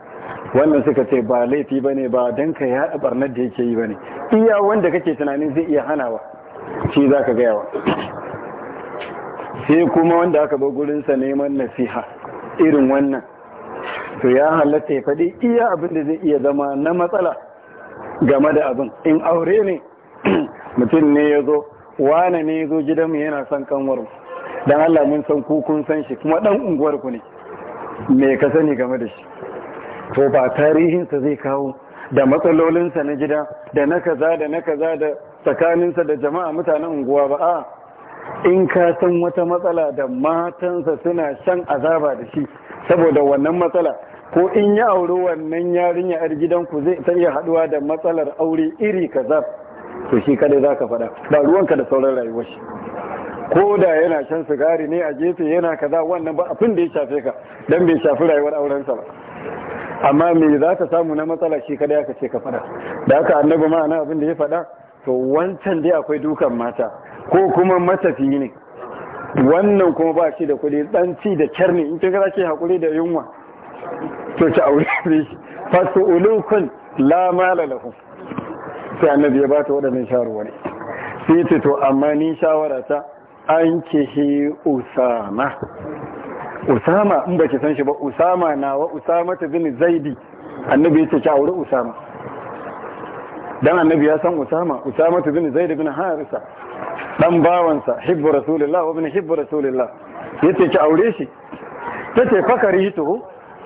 wannan suka ce ba laifi ba ne ba don ka yaɗa barnar da yake yi ba ne iya wanda kake tunanin zai iya hanawa shi za ka gaya wa sai kuma wanda aka bar gurinsa neman nasiha irin wannan to ya halatta ya faɗi iya abin da zai iya zama na matsala game da abin in aure ne mutum ne ya zo wane ne ya zo gidan mu yana son kanwar don Allah mun san ku kun san shi kuma ɗan unguwar ku ne me ka sani game da shi to ba tarihinsa zai kawo da matsalolinsa na gida da na kaza da na kaza da tsakaninsa da jama'a mutanen unguwa ba a in ka san wata matsala da matansa suna shan azaba da shi saboda wannan matsala ko in ya auri wannan yarinya yar gidanku zai ta iya haduwa da matsalar aure iri kaza to shi kada za ka faɗa ba ruwanka da sauran rayuwar shi ko da yana shan sigari ne a gefe yana kaza wannan ba abin da ya shafe ka don bai shafi rayuwar aurensa ba amma me za ka samu na matsala shi kada ya ce ka fada da haka annabi ma ana abin da ya fada to wancan dai akwai dukan mata ko kuma matafi ne wannan kuma ba shi da kuɗi ɗanci da kyar ne in kira ce haƙuri da yunwa to ki aure shi fasu ulukun la mala lahu sai annabi ya bata waɗannan shawarwari sai to amma ni shawara ta an kihi usama usama in ba ki san shi ba usama na wa usama ta bin zaidi annabi ya ce ki aure usama dan annabi ya san usama usama ta bin zaidi bin harisa dan bawansa hibbu rasulullahi wa bin hibbu rasulullahi yace ki aure shi tace fakari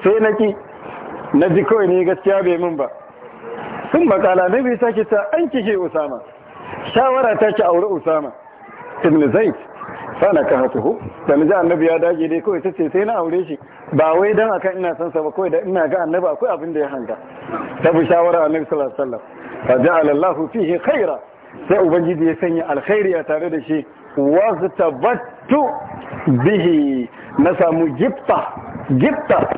sai naki na ji kawai ne gaskiya bai min ba sun makala na bai sake ta an kike usama shawara ta ki aure usama ibn zaid ka na kahatuhu da naji annabi ya dage dai kawai ce sai na aure shi ba wai dan akan ina son sa kawai da ina ga annabi akwai abin da ya hanga ta bi shawara annabi sallallahu alaihi wasallam fa ja'ala Allahu fihi khaira sai ubangiji ya sanya alkhairi a tare da shi wa tabattu bihi na samu gifta gifta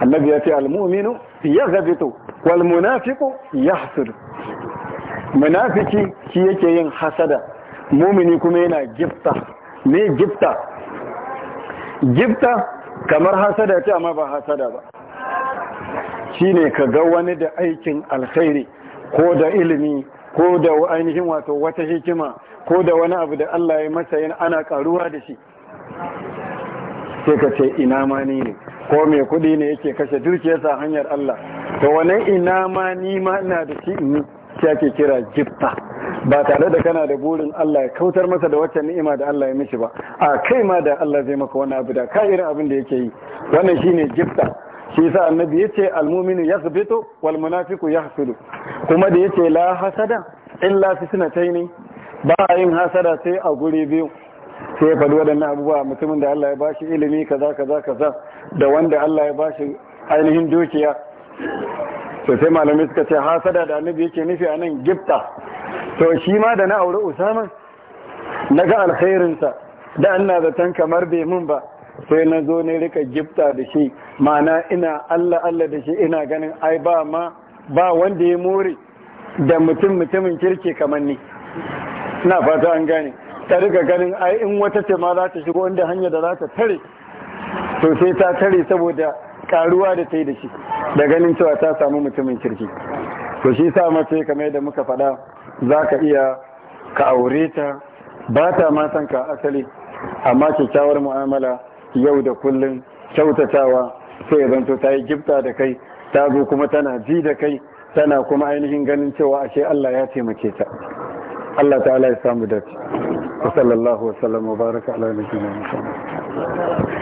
annabi ya ce almu'minu yazbitu wal munafiqu yahsud munafiki shi yake yin hasada mumini kuma yana gifta ne gifta gifta kamar hasada ce amma ba hasada ba Shi ne ka ga wani da aikin alkhairi ko da ilimi ko da ainihin wato wata hikima ko da wani abu da Allah ya masa yana ana karuwa da shi sai ka ce ina ma ni ne ko mai kudi ne yake kashe dukiyarsa hanyar Allah to wannan ina ma ni ma ina da shi ita ke kira jifta ba tare da kana da burin Allah ya kautar masa da wacce ni'ima da Allah ya mishi ba a kai ma da Allah zai maka wani abu da ka irin abin da yake yi wannan shine jifta shi yasa annabi yace almu'minu yasbitu wal ya yahsudu kuma da yace la hasada illa fi ne ba yin hasada sai a guri biyu sai ya faɗi waɗannan abubuwa mutumin da Allah ya bashi ilimi kaza kaza kaza da wanda Allah ya bashi ainihin dukiya to sai malamai suka ce hasada da annabi yake nufi a nan gifta to shi ma da na aure usama na ga alkhairinsa da ana zaton kamar bai mun ba sai na zo ne rika gifta da shi ma'ana ina allah allah da shi ina ganin ai ba ma ba wanda ya more da mutum mutumin kirki kamar ni na fata an gane ta rika ganin ai in wata ce ma za ta shigo inda hanya da za ta tare to sai ta tare saboda karuwa da ta yi da shi da ganin cewa ta samu mutumin kirki to shi sa mace kamar yadda muka faɗa za ka iya ka aure ta ba ta ma san ka asali amma kyakkyawar mu'amala yau da kullum kyautatawa sai ya zanto ta yi gifta da kai ta zo kuma tana ji da kai tana kuma ainihin ganin cewa ashe Allah ya taimake ta Allah ta'ala ya samu dace wa sallallahu wa sallam wa baraka ala nabiyyina muhammad